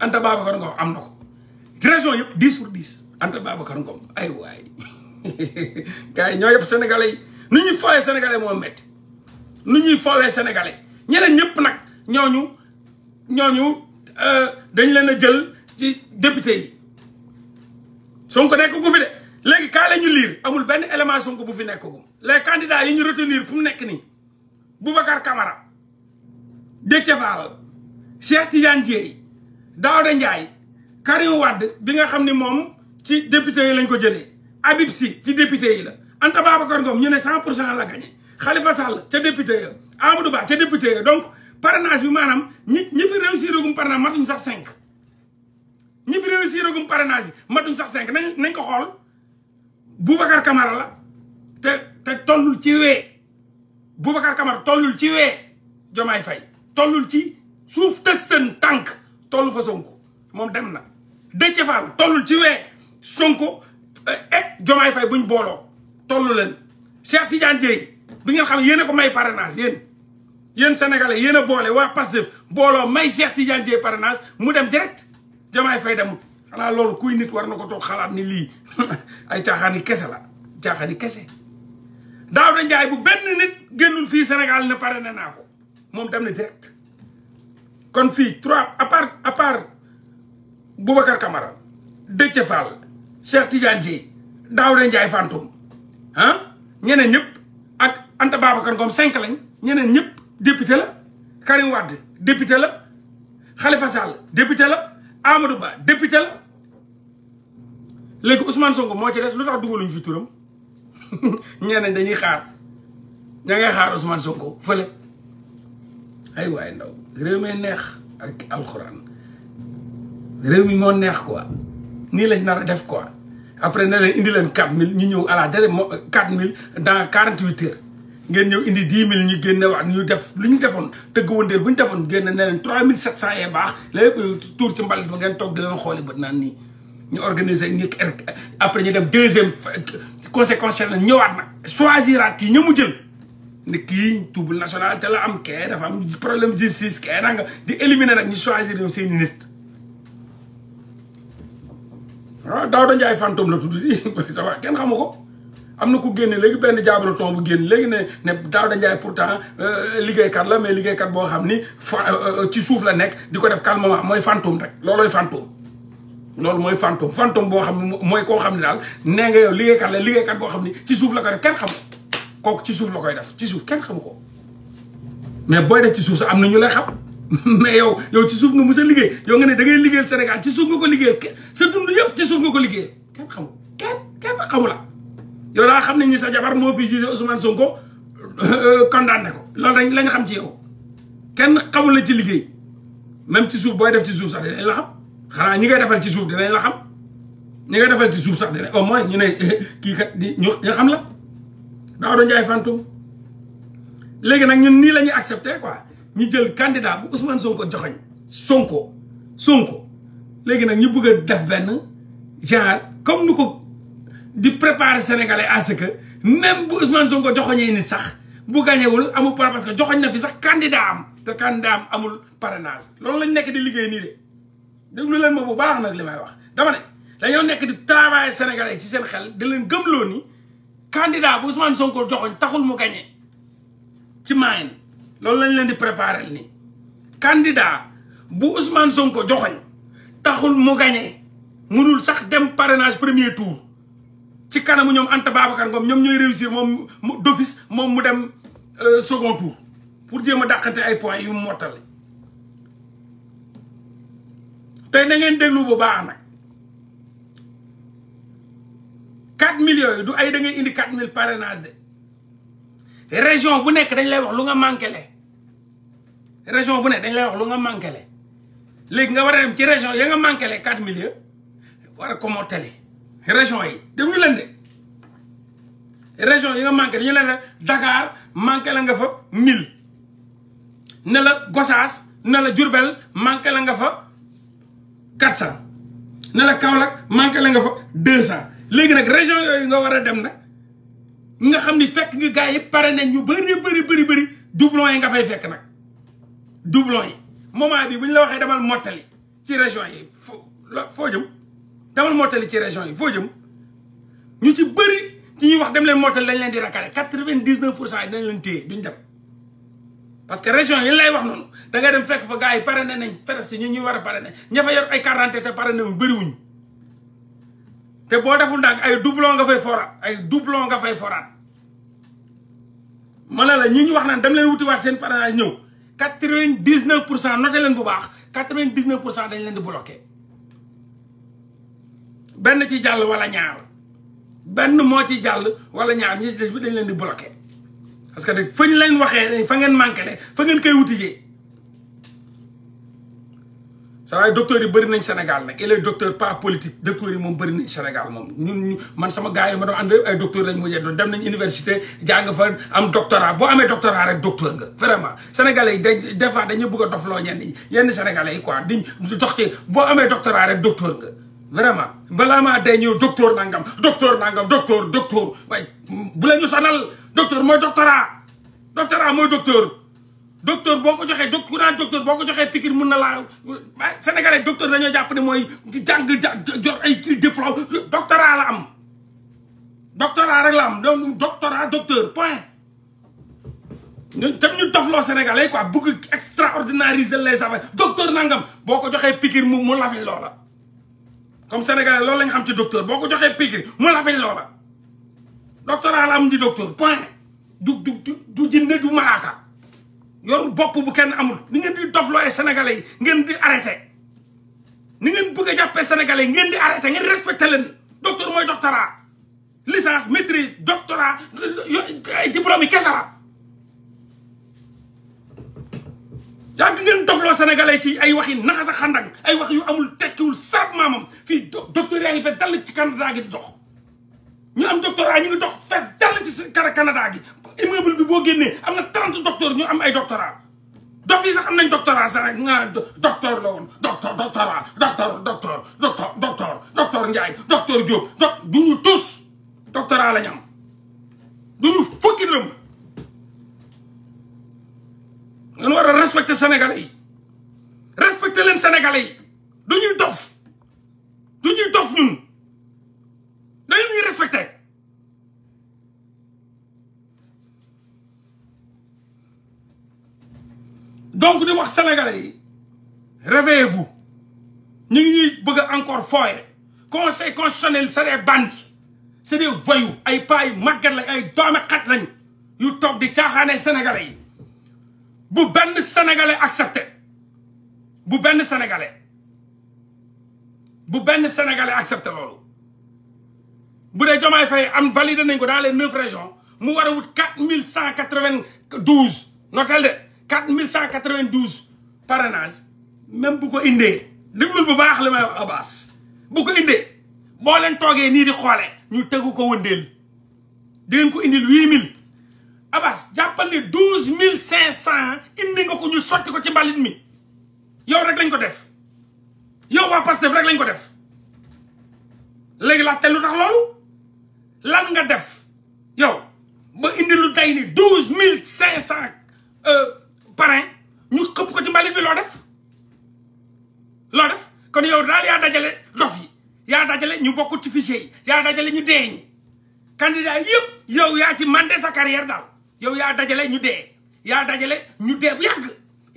Anta Babacar Ngom am na ko région yëpp 10 sur 10 Anta Babacar Ngom ay waay gars yi ñoo yëpp sénégalais yi nu ñuy fawee sénégalais moo métti nu ñuy fawee sénégalais ñeneen ñëpp nag ñooñu ñooñu euh, dañ leen a jël ci député yi Sonko nekk gu fi de léegi kaa ñu liir amul benn élément Sonko bu fi nekkagum les candidats yi ñu retenir fu mu nekk nii Boubacar Camara Déthié Fall Cheikh Tidiane Dièye Daouda Ndiaye Karim Wade bi nga xam ni moom ci député yi lañ ko jëlee Habib Sy ci député yi la Anta ba Babacar Ngom ñu ne 100 pour cent la gagné Khalifa Sall ca député ya Amadou Ba ca député ya donc parrainage bi maanaam ñi ñi fi réussir gum parrainage matuñ sax cinq ñi fi réussir agum parrainage bi matuñ sax cinq nañ nañ ko xool Boubacar Camara la te te tollul ci wee Boubacar Camara tollul ci wee Jomaay Fay tollul ci suuf tëstan tànk tollu fa Sonko moom dem na Déthié Fall tollul ci wee Sonko et eh, Jomaay eh, Fay buñ booloo tollu leen Cheikh Tidiane Dieye bi ngeen xam yéen a ko may parrainage yéen yéen sénégalais yéen a boole waa Pastef booloo may Cheikh Tidiane Dieye parrainage mu dem direct jamaay fay demut xanaa loolu kuy nit war na ko toog xalaat ni lii ay caaxaani kese la caaxaani kese Daouda Ndiaye bu benn nit génnul fii Sénégal ne pare na naa ko moom dem na direct kon fii trois à part à part Boubacar Camara Déthié Fall Cheikh Tidiane Dièye Daouda Ndiaye ñeneen ñëpp ak Anta Babacar Ngom cinq lañ ñeneen ñëpp député la Karim Wade député la Khalifa Sall député la Amadou Ba député la léegi Ousmane Sonko moo ci des lu tax dugaluñ fi turam ñeneen dañuy xaar ña ngay xaar Ousmane Sonko fële ay waaye ndaw réew mi neex ak alxuraan réew mi moo neex quoi nii lañ nar def quoi après na leen indi leen 4000 ñu ñëw à la dernière 4000 dans 48 heures. ngeen ñëw indi dix mille ñu génne waat ñu def lu ñu defoon dëgg wëndeel bu ñu defoon génne ne leen trois mille sept cent yee baax lépp tuur ci mbalit ba ngeen toog di leen xooli bët naan nii ñu organiser ñu er- après ñu dem deuxième conséquence na ñëwaat nag choisiraat yi ña mu jël ne kii national nationalité la am kee dafa am problème justice kee nanga di éliminer nag ñu choisir ñoom seen i nit waaw ah, Daouda Ndiaye fantôme la tudd di sa kenn xamu ko am na ku génne léegi benn jaabaraton bu génn léegi ne ne Daouda Ndiaye pourtant euh, liggéeykat la mais liggéeykat boo xam ni euh, euh, ci suuf la nekk di ko def calmement mooy fantôme rek loolooy fantôme loolu mooy fantôme fantôme boo xam ne mooy koo xam ne daal nee nga yow liggéeykat la liggéeykat boo xam ni ci suuf la ko def kenn xamu kooku ci suuf la koy def ci suuf kenn xamu ko mais booy def ci suuf sax am na ñu lay xam mais yow yow ci suuf nga mës a liggéey yoo nga ne da ngay liggéeyal Sénégal ci suuf nga ko liggéeyal sa dund yëpp ci suuf ko liggéeyal kenn xamu kenn kenn xamu la yow daa xam ne ñi sa jabar moo fi jugé Ousmane Sonko euh, condamné ko loolu dañ lañ xam ci yow kenn xamul la ci liggéey même ci suuf booy def ci suuf sax dinañ la xam xanaa ñi ngay defal ci suuf dinañ la xam ñi ngay defal ci suuf sax au moins ñu ne kii kat di ñu ñu xam la daa doon jaay fantôme léegi nag ñun nii la ñuy ko quoi ñu jël candidat bu Ousmane Sonko joxoñ Sonko Sonko léegi nag ñu bëgg a def benn genre comme nu ko di préparer sénégalais à ce que même bu Ousmane Sonko joxoñee nit sax bu gañewul amul par parce que joxoñ na fi sax candidat am te candidat am amul parrainage loolu lañ nekk di liggéey nii de lu leen ma bu baax nag li may wax dama ne dañoo nekk di travailler sénégalais ci seen xel di leen gëmloo ni candidat bu Ousmane Sonko joxoñ taxul mu gañee ci loolu lañ leen di préparer nii candidat bu Ousmane Sonko joxoñ taxul mu gañee munul sax dem parrainage premier tour ci kanamu ñoom Anta Babacar Ngom ñoom ñooy réussir moom d'office moom mu dem euh, second tour pour jéem a dàqante ay points yu mottale tey na ngeen déglu bu baax nag quatre mille yooyu du ay da ngay indi quatre mille parrainage de région bu nekk dañ lay wax lu nga manqué le région bu nekk dañ lay wax lu nga manqué le léegi nga war a dem ci région ya nga manqué le quatre mille war a ko mottali région yi déglu leen de région yi nga manqué dañu leen ne Dakar manqué la nga fa mille ne la Gosaas ne la Diourbel manqué la nga fa quatre cent ne la Kaolack manqué la nga fa deux cent léegi nag région yooyu nga war a dem nag nga xam ni fekk nga gars yi pare nañ ñu bëri bëri bëri bëri doublon yi nga fay fekk nag doublon yi moment bi bu ñu la waxee demal mottali ci région yi foo foo jëm demal mottali ci région yi foo jëm ñu ci bëri ci ñuy wax dem leen mottali dañ leen di rakkale quatre-vingt-dix-neuf pour cent yi dañ leen dem parce que région yi lay wax noonu da dem fekk fa gars yi parrainé nañ feres ñu war a parrainé ña fa yor ay quarante te parrainé wuñ bëriwuñ te boo deful nag ay doublon nga fay foraat ay doublon nga fay foraat ma ne la ñi ñu wax naan dem leen wutiwaat seen parrainage ñëw quatre-vingt-dix-neuf pour cent noté leen bu baax quatre-vingt-dix-neuf pour cent dañ leen di bloqué benn ci jàll walla ñaar benn moo ci jàll wala ñaar ñi ci des bi dañ leen di bloqué parce que de fa ñu leen waxee fa ngeen manqué ne fa ngeen koy wutijee sa waaye docteur yi bëri nañ Sénégal nag il est docteur pas politique docteur yi moom bëri nañ Sénégal moom ñun man sama gars yi ma doon ànd ay docteur lañ mujjee doon dem nañ université jàng fa am doctorat boo amee doctorat rek docteur nga vraiment sénégalais yi dañ des fois dañu bëgg a dofloo ñenn ñi yenn sénégalais yi quoi di dox ci boo amee doctorat rek doctor nga vraiment balaa maa day ñëw docteur nangam docteur nangam docteur docteur waaye bu la ñu sanal docteur mooy doctorat doctorat mooy docteur. docteur boo ko joxee doc ku naan docteur boo ko joxee piqûre mun na laa sénégalais docteur dañoo jàpp ne mooy jàng jot ay diplôme doctorat la am doctorat rek la am donc doctorat docteur point ñun tam ñu dofloo sénégalais quoi bëgg extraordinariser les affaires docteur nangam boo ko joxee piqûre mu mu lafin loola comme sénégalais loolu lañ xam ci docteur boo ko joxee piqûre mu la fay loola doctorat la am di docteur point du du du jinne du malaaka yor bopp bu kenn amul ni ngeen di doflooyee sénégalais yi ngeen di arrêté ni ngeen bëgg a jàppee sénégalais yi ngeen di arrêté ngeen respecté leen docteur mooy doctorat licence maîtrise doctorat ay diplôme yi kese yaa gi ngeen dofloo sénégalais ci ay waxi naxas a xandang ay wax yu amul tekkiwul sarab maamam fii docteur yaa ngi fes dal ci Canada gi di dox ñu am doctorat ñu ngi dox fes dal ci kara Canada gi immeuble bi boo génnee am na trente docteur ñu am ay doctorat dof yi sax am nañ doctorat sax nga docteur la woon docteur doctorat docteur docteur docteur docteur docteur Ndiaye docteur Diop doc du ñu tous doctorat la ñu am du ñu fukki dërëm dañu war a respecter sénégalais yi respecter leen sénégalais yi du ñuy dof du ñuy dof ñun dañu ñuy respecter donc di wax sénégalais yi réveillez-vous ñu ngi ñuy bëgg a encore fooye conseil constitutionnel c'est des bandits c'est des voyous ay paa yu màgget lañ ay doome xat lañ yu toog di caaxaanee sénégalais yi bu benn sénégalais accepté bu benn sénégalais bu benn sénégalais accepté loolu bu dee Diomaye Faye am validé nañ ko dans les neuf régions mu war a wut cent quatre-vingt-douze notel de quatre mille cent quatre-vingt-douze même bu ko indee déglul bu baax li may wax Abbas indee boo leen toogee nii di xoole ñu tegu ko wëndeel di ngeen ko indil huit mille Abbas jàppal ni douze mille cinq cent indi nga ko ñu sotti ko ci mbalit mi yow rek lañ ko def yow waa Pastef rek lañ ko def léegi laa te lu tax loolu lan nga def yow ba indi lu tey ni cinq cent euh, parrain ñu xëpp ko ci mbalit bi loo def loo def kon yow daal yaa dajale dof yi yaa dajale ñu bokkul ci fichier yi yaa dajale ñu dee ñi candidat yëpp yow yaa ci mandé sa carrière daal yow yaa dajale ñu dee yaa dajale ñu dee bu yàgg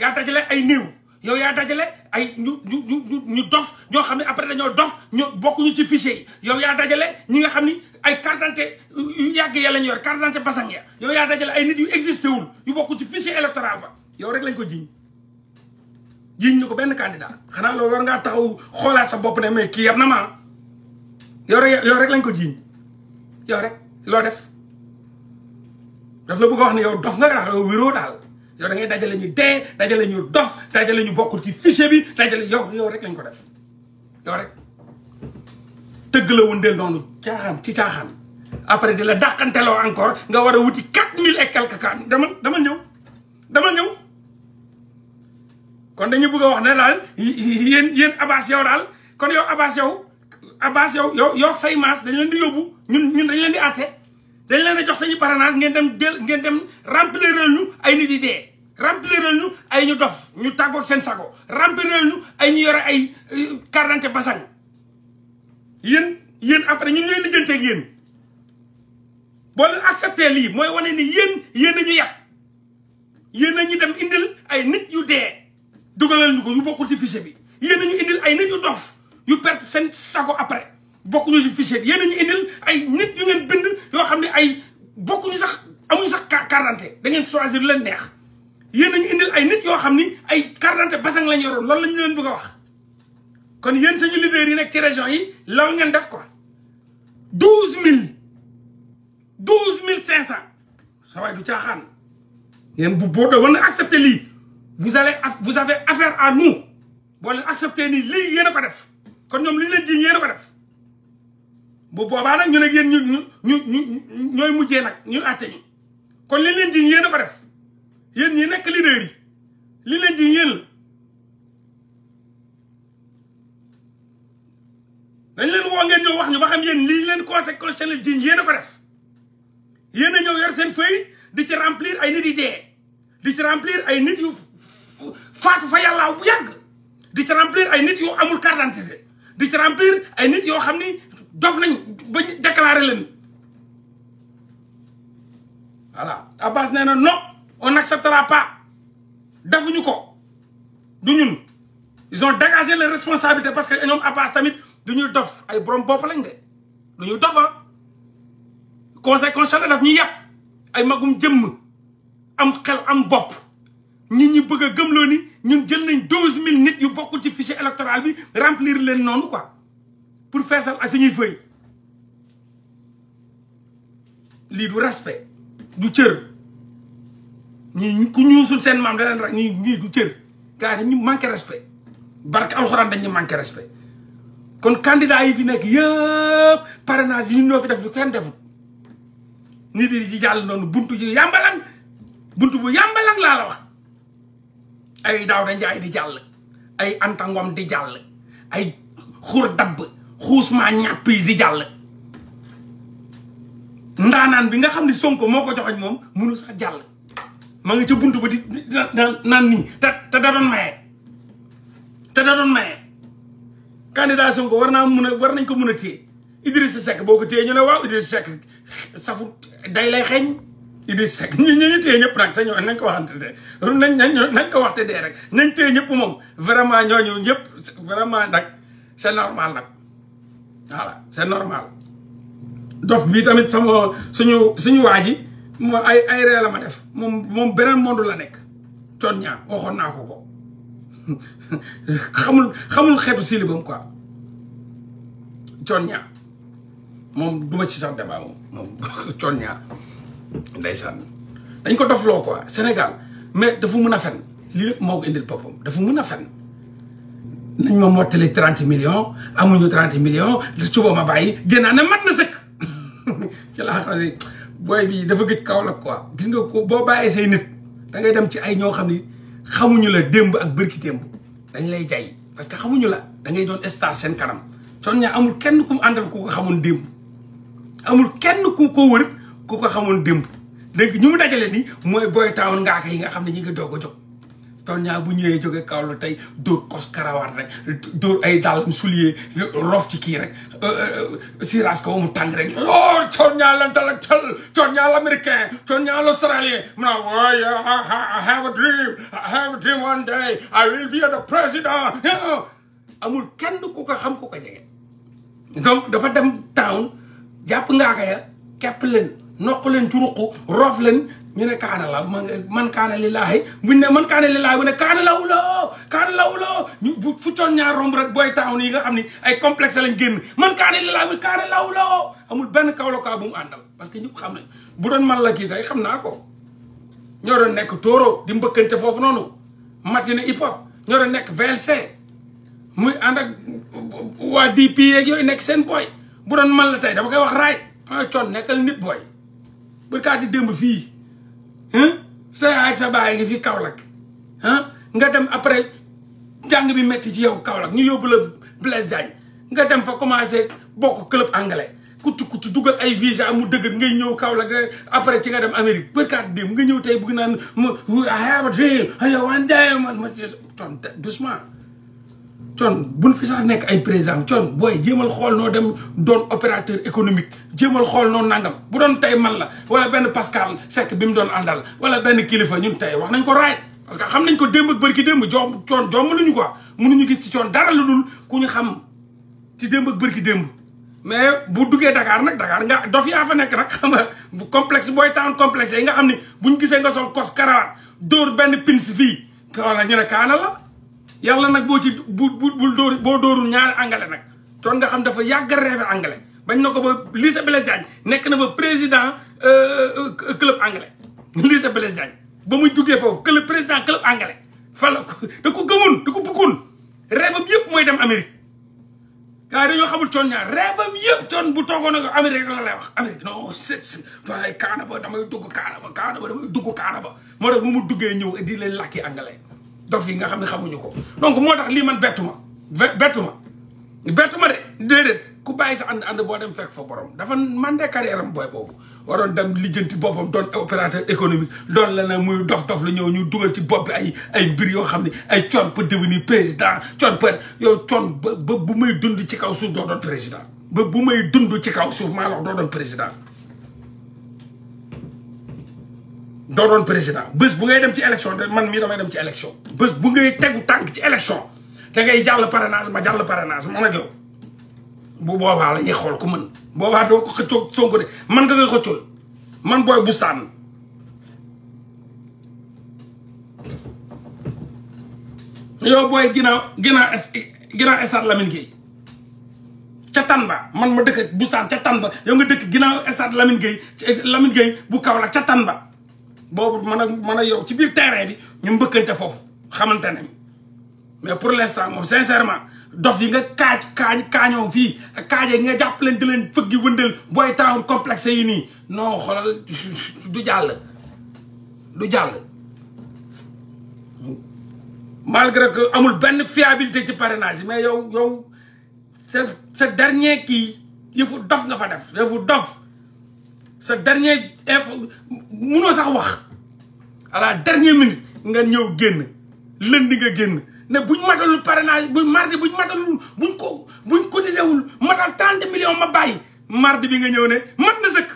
yaa dajale ay néew yow yaa dajale ay ñu ñu ñu ñu dof ñoo xam ne après dañoo dof ñu bokkuñu ci fichier yi yow yaa dajale ñi nga xam ni ay carte d'identité yu yàgg ya lañu yor carte d'identité basang ya yow yaa dajale ay nit yu existé wul yu bokku ci fichier électoral ba yow rek lañ ko jiiñ jiiñ ñu ko benn candidat xanaa loolu war ngaa taxaw xoolaat sa bopp ne mais kii yab na ma rek lañ ko jiiñ rek loo def daf la bëgg a wax ne yow dof nga ndax yow wéroo daal yow da ngay dajale ñu dee dajale ñu dof dajale ñu bokkul ci fichier bi dajale yow yow rek lañ ko def yow rek tëgg la wëndeel noonu caaxaan ci caaxaan après di la dàqanteloo encore nga war a wuti quatre mille et quelque dama dama ñëw dama ñëw kon dañu bugg a wax ne daal yéen yéen Abass daal kon yow Abass yow Abass yow yow yow say maas dañ leen di yóbbu ñun ñun dañ leen di àtte te leen a jox sañu parrainage ngeen dem jël ngeen dem rempliral ñu ay nit yi dee rempliral ñu ay ñu dof ñu tàggoog seen sago rempliral ñu ay ñu yore ay euh, carte d'identité basang yéen yéen après ñu ngi leen lijjanteeg yéen boo leen accepté lii mooy wane ni yéen yéen a ñu yàq yéen a ñu dem indil ay nit yu dee dugalal ñu ko yu bokkul ci fichier bi yéen a ñu indil ay nit yu dof yu perte seen sago après. bokku ci fichier yéen ñu indil ay nit yu ngeen bind yoo xam ne ay bokkuñu sax amuñu sax carte d'identité da ngeen choisir leen neex yéen a ñu indil ay nit yoo xam ni ay carte d'identité basang lañ yoroon loolu lañ leen bëgg a wax. kon yéen sañu leader yi nag ci région yi loolu ngeen def quoi douze mille douze mille cinq cent sa waay du caaxaan yéen bu boo doon war na accepter lii vous allez affaire à nous boo leen accepter nii lii yéen a ko def kon ñoom li ñu leen di yéen ko def. bu boobaa nag ñu ne yéen ñu ñu ñu ñooy mujjee nag ñu àtte ñu kon li leen jiñ yéen a ko def yéen ñi nekk leader yi li leen jiñ yéen la dañ leen woo ngeen ñëw wax ñu ba xam yen li leen conseil constitutionnel jiñ yéen a ko def yéen a ñëw yor seen feuille di ci remplir ay nit yi dee di ci remplir ay nit yu faatu fa yàllaaw bu yàgg di ci remplir ay nit yu amul carte d'identité di ci remplir ay nit yoo xam ni dof nañ ba ñu leen voilà Abbas nee na non on n'acceptera pas defuñu ko du ñun ils ont dégagé les responsabilités parce que ñoom Abbas tamit du ñuy dof ay borom bopp lañ de du ñuy dofa ah. conseil constitutionnel daf ñuy yàpp ay magum jëm am xel am bopp nit ñi bëgg a gëmloo ni ñun jël nañ douze mille nit yu bokkul ci fichier électoral bi remplir leen noonu ko pour feesal ak suñuy fëy lii du respe du cër ñii ku ñuusul seen maam da leen rek ñii ñii du cër gars yi dañu manqué respect barke alxuraan dañu manqué respect kon candidat yi fi nekk yëpp parrainage yi ñu ñoo fi def lu kenn defut nit yi ci jàll bu yàmbalang laa la wax ay daaw da njaay di jàll ay antangom di jàll ay xur dabb xuusmaa ñàpp yi di jàll naan bi nga xam ne sonk moo ko joxoñ moom mënu sax jàll ma nga ca bunt ba di naan nii te te da doon maye te da doon maye candidat war naa mun a war nañ ko mun a téye Idrissa sekk boo ko téye ñu ne waaw Idrissa Seck safu day lay xeeñ Idrissa Seck ñu ñu téye ñëpp nag sañoo nañ ko waxante de nañ nañ ko waxte dee rek nañ téye ñëpp moom vraiment ñooñu ñëpp vraiment nag c'est normal nag voilà c'est normal dof bii tamit sama suñu suñu waa ji moom ay ay ree la ma def moom moom beneen monde la nekk coon ñaa waxoon naa ko ko xamul xamul xeetu silibam quoi coon ña moom duma ci sax débat moom moom coon ñaa ndeysaan dañ ko dofloo quoi Sénégal mais dafa mun a fen lii lépp moo ko indil boppam dafa mun a fen nañ ma mottali trente million amuñu trente million suba ma bàyyi génnaa na mat na sëkk ci laa xam ne booy bi dafa gëj kaw la quoi gis nga ko boo bàyyee say nit da dem ci ay ñoo xam ni xamuñu la démb ak bërki démb dañ lay jay parce que xamuñu la da ngay doon star seen kanam son ñaa amul kenn ku mu àndal ku ko xamoon démb amul kenn ku ko wër ku ko xamoon démb dégg ñu mu dajale ni mooy booy town ngaaka yi nga xam ne ñu ngi doog ko jóg Toña bu ñëwee jóge Kaolack tey dóor kos karawaat rek dóor ay dàllam soulier roof ci kii rek euh, euh, siras ko mu tàng rek oh Toña l'intellectuel Toña l'américain Toña l'australien mu naa waay have a dream have a dream one day I will be the president amul kenn ku ko xam ku ko jege donc dafa dem town jàpp ngaaka ya kepp leen noq leen ci roof leen ñu ne kaana la man kaana lillaahi buñ ne man kaana lillaahi bu ne kaana lawuloo kaana lawuloo ñu bu fu coon ñaar romb rek booy taaw nii nga xam ni ay complexe lañ génn man kaana lillaahi bu kaana lawuloo amul benn kawlokaa bu mu àndal parce que ñëpp xam nañ bu doon man la kii tey xam naa ko ñoo doon nekk tóoro di mbëkkante foofu noonu matina hip hop ñoo doon nekk VLC muy ànd ak waa DP yeeg yooyu nekk seen booy bu doon man la tey dama koy wax raay ma nekk nekkal nit booy bërkaati démb fii sa yaay ak sa baay ngi fi Kaolack nga dem après jàng bi metti ci yow Kaolack ñu yóbbu la Blaise Diagne nga dem fa commencé bokk club anglais kutu kutu dugal ay visa mu dëgër ngay ñëw Kaolack après ci nga dem Amérique barkaat démb nga ñëw tey bëgg naan mu I have a dream one day man ma coon buñ fi sax nekk ay président coon booy jéemal xool noo dem doon opérateur économique jéemal xool noo nangam bu doon tey man la wala benn Pascal Seck bi mu doon àndal wala benn kilifa ñun tey wax nañ ko raay parce que xam nañ ko démb ak bërki démb joom coon joom mënuñu quoi mënuñu gis ci coon dara lu dul ku ñu xam ci démb ak bërki démb mais bu duggee Dakar nag Dakar nga dof yaa fa nekk nag xam nga complexe booy taan complexe yi nga xam ne buñ gisee nga sol kos karawaat dóor benn pins fii wala ñu ne kaana la yàlla nag boo ci bu bu bul dóor boo dóorul ñaari angale nag toon nga xam dafa yàgg a rêvé angale bañ na ko ba Lycée Blaise Diagne nekk na ba président euh, club anglais Lycée Blaise Diagne ba muy duggee foofu club président club anglais fa la da ko gëmoon da ko bëggoon rêvam yëpp mooy dem Amérique gars yi dañoo xamul coon ñaar rêvam yëpp coon bu toogoon ak Amérique la lay wax Amérique non c'est c'est kaana ba damay dugg kaana ba kaana ba damay dugg kaana ba moo tax bu mu duggee ñëw di leen làkki anglais dof yi nga xam ne xamuñu ko donc moo tax lii man bettu ma bettu ma bettu ma de déedéet ku bàyyi sa ànd ànd boo dem fekk fa borom dafa man de carrière am booy boobu waroon dem lijjanti boppam doon opérateur économique doon la na muy dof dof la ñëw ñu dugal ci bopp bi ay ay mbir yoo xam ne ay coon peut devenir président coon peut yow coon ba bu may dund ci kaw suuf doo doon président ba bu may dund ci kaw suuf maa la doo doon président doo doon président bés bu ngay dem ci élection man mii damay dem ci élection bës bu ngay tegu tànk ci élection da ngay jàll parrainage ma jàll parrainage ma ak yow bu boobaa la ñuy xool ku mën boobaa doo ko xëccoo Sonko de man nga koy xëccool man booy bustaan yow booy ginnaaw ginnaaw es ginnaaw esat Lamine Gueye ca tan ba man ma dëkk bustaan ca tan ba yow nga dëkk ginnaaw esat Lamine Gueye Lamine Gueye bu kaw la ca tan ba boobu man ak man a yow ci biir terrain bi ñu mbëkkante foofu xamante nañ mais pour les l'instant moom sincèrement dof yi nga kaaj kaañ kaañoo fii ak kaajee nga jàpp leen di leen fëgg yi wëndal booy taawul complexe yi nii non xoolal du jàll du jàll malgré que amul benn fiabilité ci parrainage mais yow yow sa sa dernier kii yëfu dof nga fa def yëfu dof sa dernier info munoo sax wax à dernier dernière minute nga ñëw génn lëndi nga génn ne buñ matalul parrainage buñ mardi buñ matalul buñ ko buñ cotisé wul matal trente millions ma bàyyi mardi bi nga ñëw ne mat na sëkk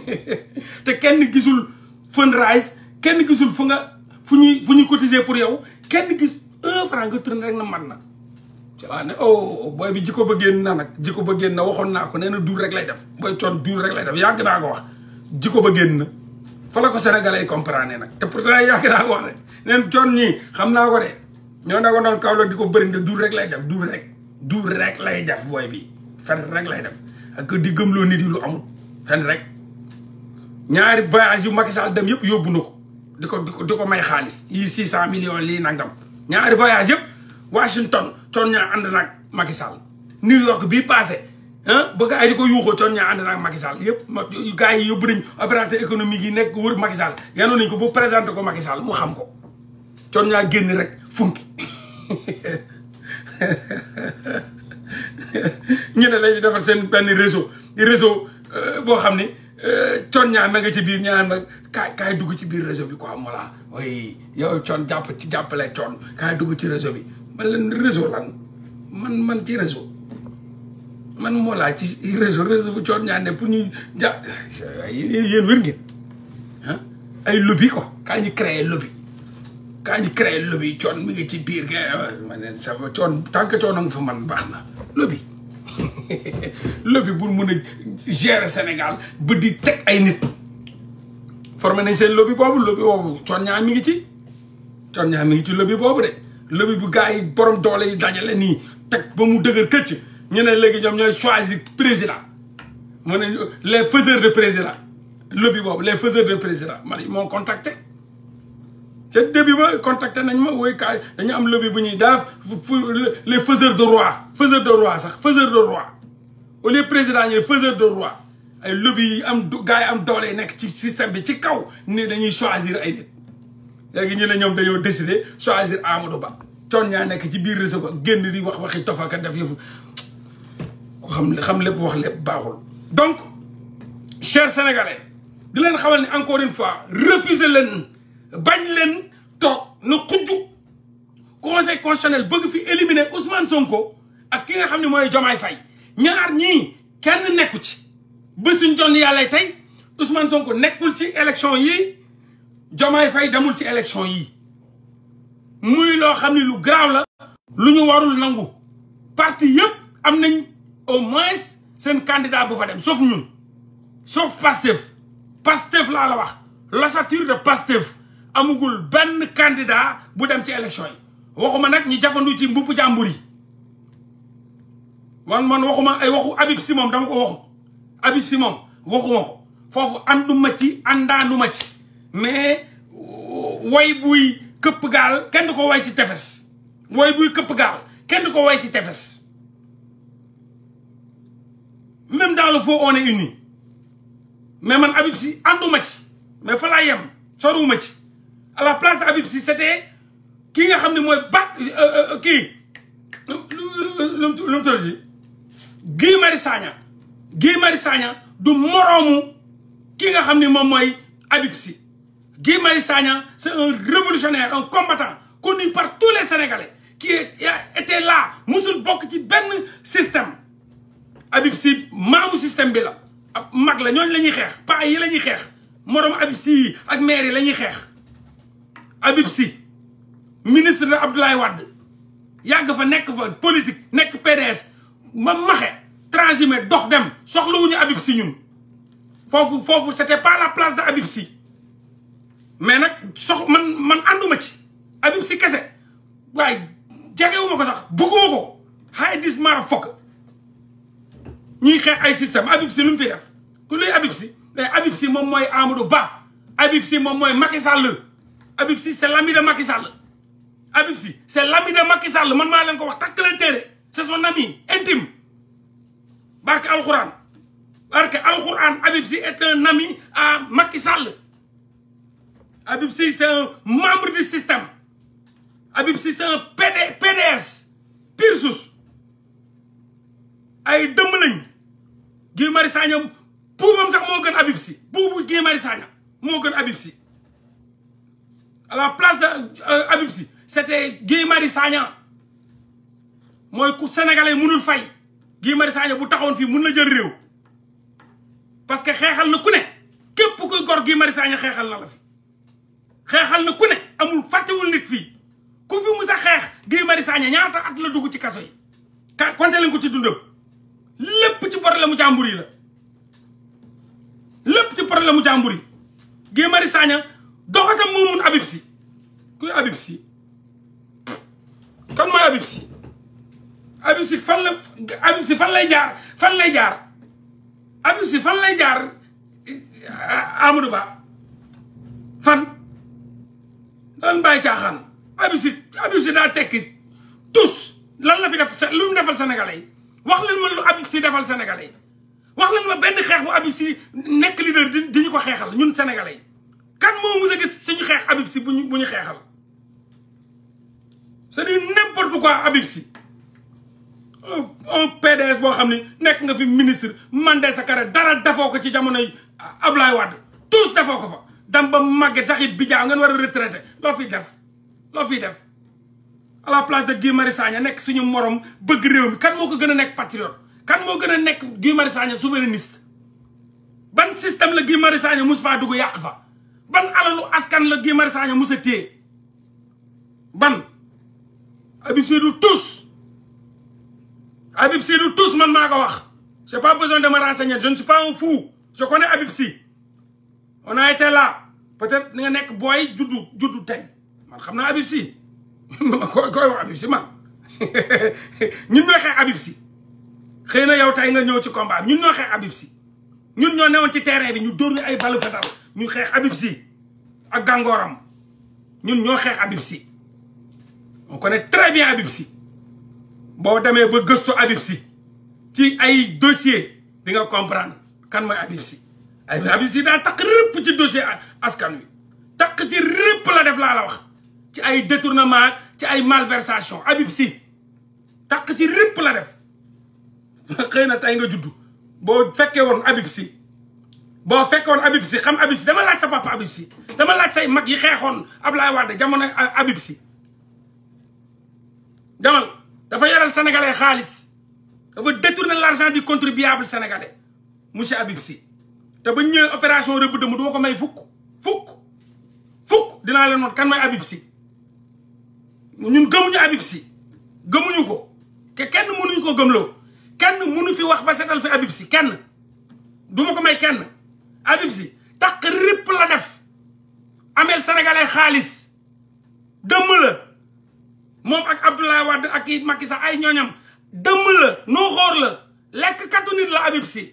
te kenn gisul fundraise kenn gisul fu nga fu ñuy fu ñuy cotisé pour yow kenn gis un franc nga tourné rek na mat na cela ne oh, oh, oh booy bi jikko ba génn na nag jikko ba génn na waxoon naa ko nee na duur rek lay def booy coon duur rek lay def yàgg naa ko wax jikko ba génn na fa la ko sénégalais yi comprendre nag te pourtant yàgg naa ko wax ne neen coon nii xam naa ko de ñoo na ko doon kaw la di ko bëri de duur rek lay def duur rek duur rek lay def booy bi fen rek lay def ak di gëmloo nit yi lu amul fen rek ñaari voyage yu Macky Sall dem yëpp yóbbu na ko di ko di ko di ko may xaalis yii six cent millions lii nangam ñaari voyage yëpp Washington coon ñaa ànd nag Macky Sall New York bii passé bëgg ay di ko yuuxoo coon ñaa ànd na ak Macky Sall yi yóbbu nañ opérateur économique yi nekk wër Macky Sall yanoo nañ ko bu présenté ko Macky Sall mu xam ñaa génn rek funki ñu ne lañu defar seen benn réseau réseau euh, boo xam ne euh, coon ñaa ma nga ci biir ñaa nag kaay kaay dugg ci biir réseau bi ko quoi voilà oui yow coon jàpp ci jàppale coon kaay dugg ci réseau bi man leen réseau lan man man ci réseau man moo laa ci réseau réseau bu coon ñaan ne pour ñu ja yéen wér ah, ay lobby quoi kaa ñu créé lobby kaa ñu coon mi ngi ci biir nga ah, ma coon tant que coon nga fa man baax na lobby bu pour mun a gérer Sénégal ba di teg ay nit formé nañ seen lobi boobu lobby ñaa mi ngi ci coon ñaa mi ngi ci lobby boobu de bu gars yi borom doole yi dajale nii teg ba mu dëgër këcc ñu ne léegi ñoom ñooy choisir président mu ne les faiseurs de président lobby boobu les faiseurs de président man moo contacté ca début ba contacté nañ ma woy kaay dañu am lobby bu ñuy daaf les faiseurs de roi faiseurs de roi sax faiseurs de roi au lieu président ñi faiseurs de roi ay lobby yi am gars yi am doole yi nekk ci système bi ci kaw ni dañuy choisir ay nit léegi ñu ne ñoom dañoo décidé choisir Amadou Ba coon ñaa nekk ci biir réseau ba génn di wax waxi tofaka def yëfu xam xam lépp wax lépp baaxul. donc cher sénégalais di leen xamal ni encore une fois refuser leen bañ leen toog na xujju conseil constitutionnel bëgg fi éliminer Ousmane Sonko ak ki nga xam ne mooy Jomaay Fay ñaar ñii kenn nekku ci ba suñ jonn yàlla tey Ousmane Sonko nekkul ci élection yi Jomaay Fay damul ci élection yi muy loo xam ne lu garaaw la lu ñu warul nangu parti yëpp am nañ au moins seen candidat bu fa dem sauf ñun sauf Pastef Pastef laa la wax l'ossature de Pastef amugul benn candidat bu dem ci élection yi waxuma nag ñu jafandu ci mbupp jàmbur yi man man waxuma ay waxu Habib Sy moom dama ko waxu Habib Sy moom waxuma ko foofu ànduma ci àndaanuma ci mais way buy këpp gaal kenn du ko way ci tefes way buy këpp gaal kenn ko way ci tefes même daal le faux on est unis mais man Habib Sy ànduma ci mais fa laa yem soriwuma ci à la place de Habib Sy c'était kii nga xam ne mooy bat kii lu mu tudd ji Guy Marius Sagna Guy Marius Sagna du moroomu ki nga xam ni moom mooy Habib Sy Guy Marius Sagna c'est un révolutionnaire un combattant connu par tous les Sénégalais qui a été musul bokk ci benn système Habib si maamu système bi la mag la ñooñ la ñuy xeex paa yi la ñuy xeex moroom Habib Sy yi ak maire yi la ñuy xeex Habib Sy ministre la Abdoulaye Wade yàgg fa nekk fa politique nekk PDS ma maxe transhumé dox dem soxlawuñu Habib Sy ñun foofu foofu c'était pas la place de Habib Sy mais nag sox man man ànduma ci Habib si kese waaye jegewuma ko sax bëgguma ko xaay dis fokk ñuy xeex ay système Habib Sy lu mu ku luy Habib Sy mais Habib Sy moom mooy Amadou Ba Habib Sy moom mooy Macky Sall Habib Sy c' est l'ami de Sall Habib Sy c' est l'ami Sall man maa leen ko wax takk leen téere c' est son ami intime barke alxuraan barke alxuraan Habib Sy est un ami à Macky Sall Habib Sy c' est un membre du système Habib Sy c' est PDS pire ay dëmm Guy Marius Sagna buubam sax moo gën Habib Sy buubu Guy Marius Sagna moo gën Habib Sy place de euh, Habib Sy c'était Guy Marius mooy ku sénégalais mënul fay gii Marius Sagna bu taxawoon fii mun na jël réew parce que xeexal na ku ne képp kuy gor Guy Marius Sagna xeexal na la fi xeexal na ku ne amul fàttewul nit fii ku fi mus sax xeex Guy Marius Sagna ñaata at la dugg ci kaso yi ka ko ci dundam lépp ci problème mu jàmbur yi la lépp ci problème mu jàmbur yi Guy Marius Sagna doxatam moo mun Habib Sy kuy Habib Sy kan mooy Habib Sy Habib Sy fan la Habib fan lay jaar fan lay jaar Habib fan lay jaar eh, Amadou Ba fan la bàyyi caaxaan Habib Sy Habib Sy daa tekki tous lan la fi def lu mu defal sénégalais wax leen ma lu Habib Sy defal sénégalais yi wax leen ma benn xeex bu Habib Sy nekk leader di ñu ko xeexal ñun sénégalais yi kan moo mës gis suñu xeex Habib Sy bu ñu bu ñu xeexal c'est-à-dire n'importe quoi Habib Sy boo xam ne nekk nga fi ministre mandé sa carré dara defoo ko ci jamonoy Ablaye Wade tous defoo ko fa dam ba màgget sax yi bijaaw ngeen war a retraité loo fiy def loo fi def la place de Guy Marius Sagna nekk suñu morom bëgg réew mi kan moo ko gën a nekk patriote kan moo gën a nekk Guy Marius Sagna souverainiste ban système la Guy mari Sagna mus faa dugg yàq fa ban alalu askan la Guy Marius Sagna mus a téye ban Habib Seydou tous Habib Seydou tous man maa ko wax j'ai pas besoin a me renseigner je ne suis pas un fou je connais Habib Sy on a été là peut-être ni nga nekk booy juddu juddu tey man xam naa Habib Sy koy koy wax man ñun ñoo xeex Habib Sy xëy na yow tey nga ñëw ci combat ñun ñoo xeex Habib Sy ñun ñoo newoon ci terrain bi ñu dóor ñu ay balu ñu xeex Habib Sy ak gàngooram ñun ñoo xeex Habib Sy on connaît très bien Habib Sy boo demee ba gëstu Habib Sy ci ay dossier di nga comprendre kan mooy Habib Sy ay Habib Sy daa taq rëpp ci dossier askan wi taq ci rëpp la def laa la wax ci ay détournement ci ay malversation Habib Sy takk ci ripp la def xëy na tey nga juddu boo fekkee woon Habib Sy boo fekkoon Habib Sy xam Habib Sy dama laaj sa papa Habib Sy dama laaj say mag yi xeexoon Ablaye Wade jamono Habib Sy jamal dafa yoral sénégalais xaalis dafa détourner l'argent du contribuable sénégalais monsieur Habib Sy te ba ñëwee opération rëbb dëmm du ma ko may fukk fukk fukk dinaa leen woon kan may Habib Sy ñun gëmuñu Habib Sy gëmuñu ko te kenn mënuñu ko gëmloo kenn mënu fi wax ba setal fi Habib kenn du ma ko may kenn Habib Sy takk ripp la def amel sénégalais xaalis dëmm la moom ak Abdoulaye Wade ak i Macky ay ñooñam dëmm la noo xóor la lekk kattu nit la Habib Sy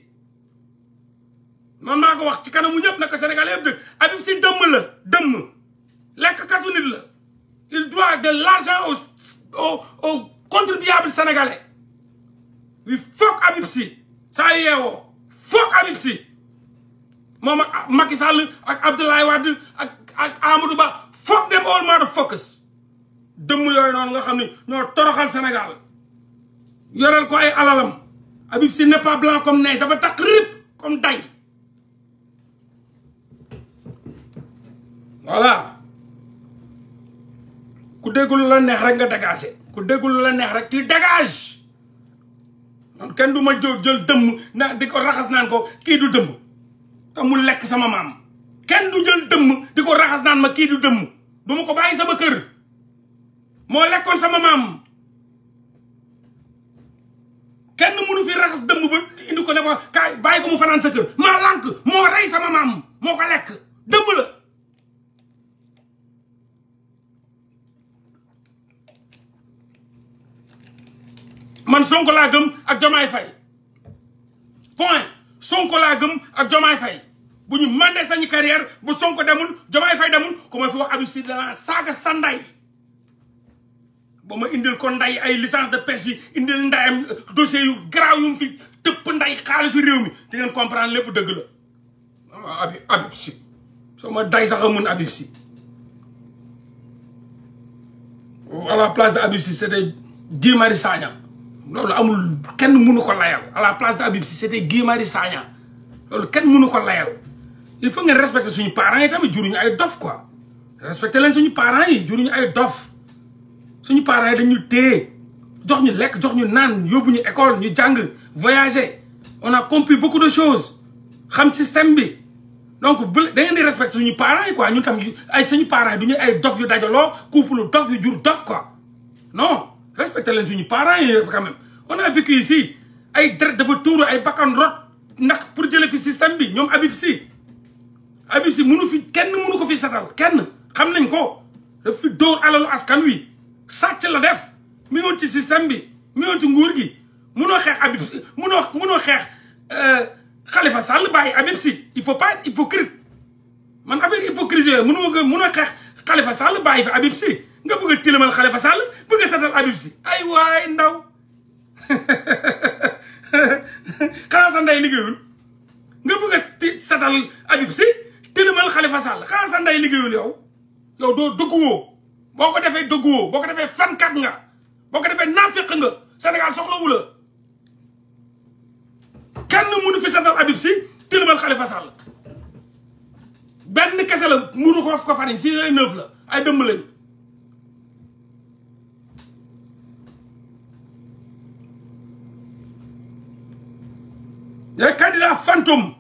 maa ko wax ci kanamu ñëpp na sénégalais yëpp dëgg Habib Sy dëmm la dëmm lekk kattu nit la Il doit de l'argent aux, aux, aux, contribuables sénégalais. We fuck Habib Sy. yeewoo oh. fuck Habib Sy moom ak Macky ak Abdoulaye Wade ak ak Amadou Ba fuck dem all mother fuckers dëmm yooyu noonu nga xam ne ñoo toroxal Sénégal yoreel ko ay alalam Habib Sy n'est pas blanc comme neige dafa takk rip comme day ku déggul la neex rek nga dégagé ku déggul la neex rek tu dégage kenn du ma jël jël dëmm na di ko raxas naan ko kii du dëmm te lekk sama maam kenn du jël dëmm di ko raxas naan ma kii du dëmm du ma ko bàyyi sama kër moo lekkoon sama maam kenn mënu fii raxas dëmm ba indi ko ne ko kaay bàyyi ko mu fanaan sa kër maa lànk moo rey sama maam moo ko lekk dëmm la man Sonko laa gëm ak Jomaay Fay point Sonko laa gëm ak Jomaay Fay bu ñu mandé sañu carrière bu Sonko demul Jomaay Fay demul ku ma fi wax Abib Si danaa saaga sa nday ba ma indil ko nday ay licence de pêche yi indil ndayam dossier yu garaaw yu fi tëpp nday xaalisu réew mi di ngeen comprendre lépp dëgg la Abib Abib Si sama day sax a mun Abib Si à place de Abib Si c'était Guy Marius loolu amul kenn munu ko layal à la place de Habib si c'était Guy Marius Sagna loolu kenn munu ko layal il faut ngeen respecter suñu parents yi tamit juruñu ay dof ko respecter leen suñu parents yi juruñu ay dof suñu parents dañu téye jox ñu lekk jox ñu naan yóbbu ñu école ñu jàng voyager on a compris beaucoup de choses xam système bi donc bu da ngeen di respecter suñu parents yi quoi ñun tam ay suñu parents yi du ñu ay dof yu loo couple dof yu jur dof ko non. respecté leen suñu parents yi quand même on a vécu ici ay deret dafa tuuru ay bakkan rot ndax pour jële fi système bi ñoom Habib Sy Habib Sy munu fi kenn munu ko fi satal kenn xam nañ ko daf fi dóor alalu askan wi sàcc la def mi woon ci système bi mi woon ci nguur gi munoo xeex Habib Sy munoo munoo xeex euh, Khalifa Sall bàyyi Habib Sy il faut pas être hypocrite man a hypocrisie yooyu munuma ko munoo xeex Khalifa Sall bàyyi fi Habib Sy nga bëgg a tilimal Khalifa Sall bëgg a setal Habib Sy ay waay ndaw xanaa sa ndey liggéeyul nga bëgg a setal Habib Sy tilimal Khalifa Sall xanaa sa ndey liggéeyul yow yow doo dëgguwoo boo ko defee dëgguwoo boo ko defee fankat nga boo ko defee naafiq nga Sénégal soxlawu la kenn mënu fi setal Habib Sy tilimal Khalifa Sall benn kese la mënu ko ko fariñ si yooyu la ay dëmm lañ des candidats fantôme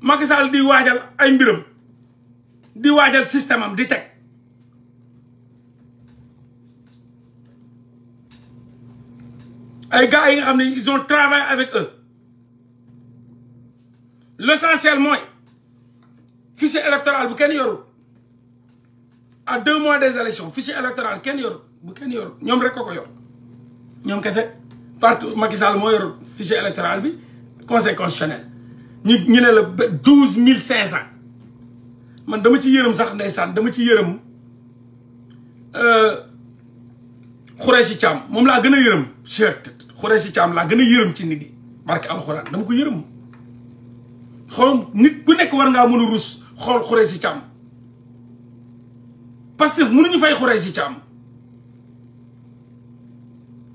Macky Sall di waajal ay mbiram di waajal système am di teg ay gars yi nga xam ne ils ont travaillé avec eux l'essentiel mooy fichier électoral bu kenn yorul à deux mois des élections fichier électoral kenn yorul bu kenn yorul ñoom rek ko ko yor ñoom kese partout Macky Sall moo yorul électoral bi conseil constitutionnel ñu ñu ne la douze mille cinq cent man dama ci yërëm sax ndeysaan dama ci yërëm euh, Khoureyssi Thiam moom laa gën a yërëm chert Khoureyssi Thiam laa gën a yërëm ci nit yi barke alxuraan dama ko yërëm xool nit ku nekk war ngaa mën a rus xool Khoureyssi Thiam Pastef mënuñu fay Khoureyssi Thiam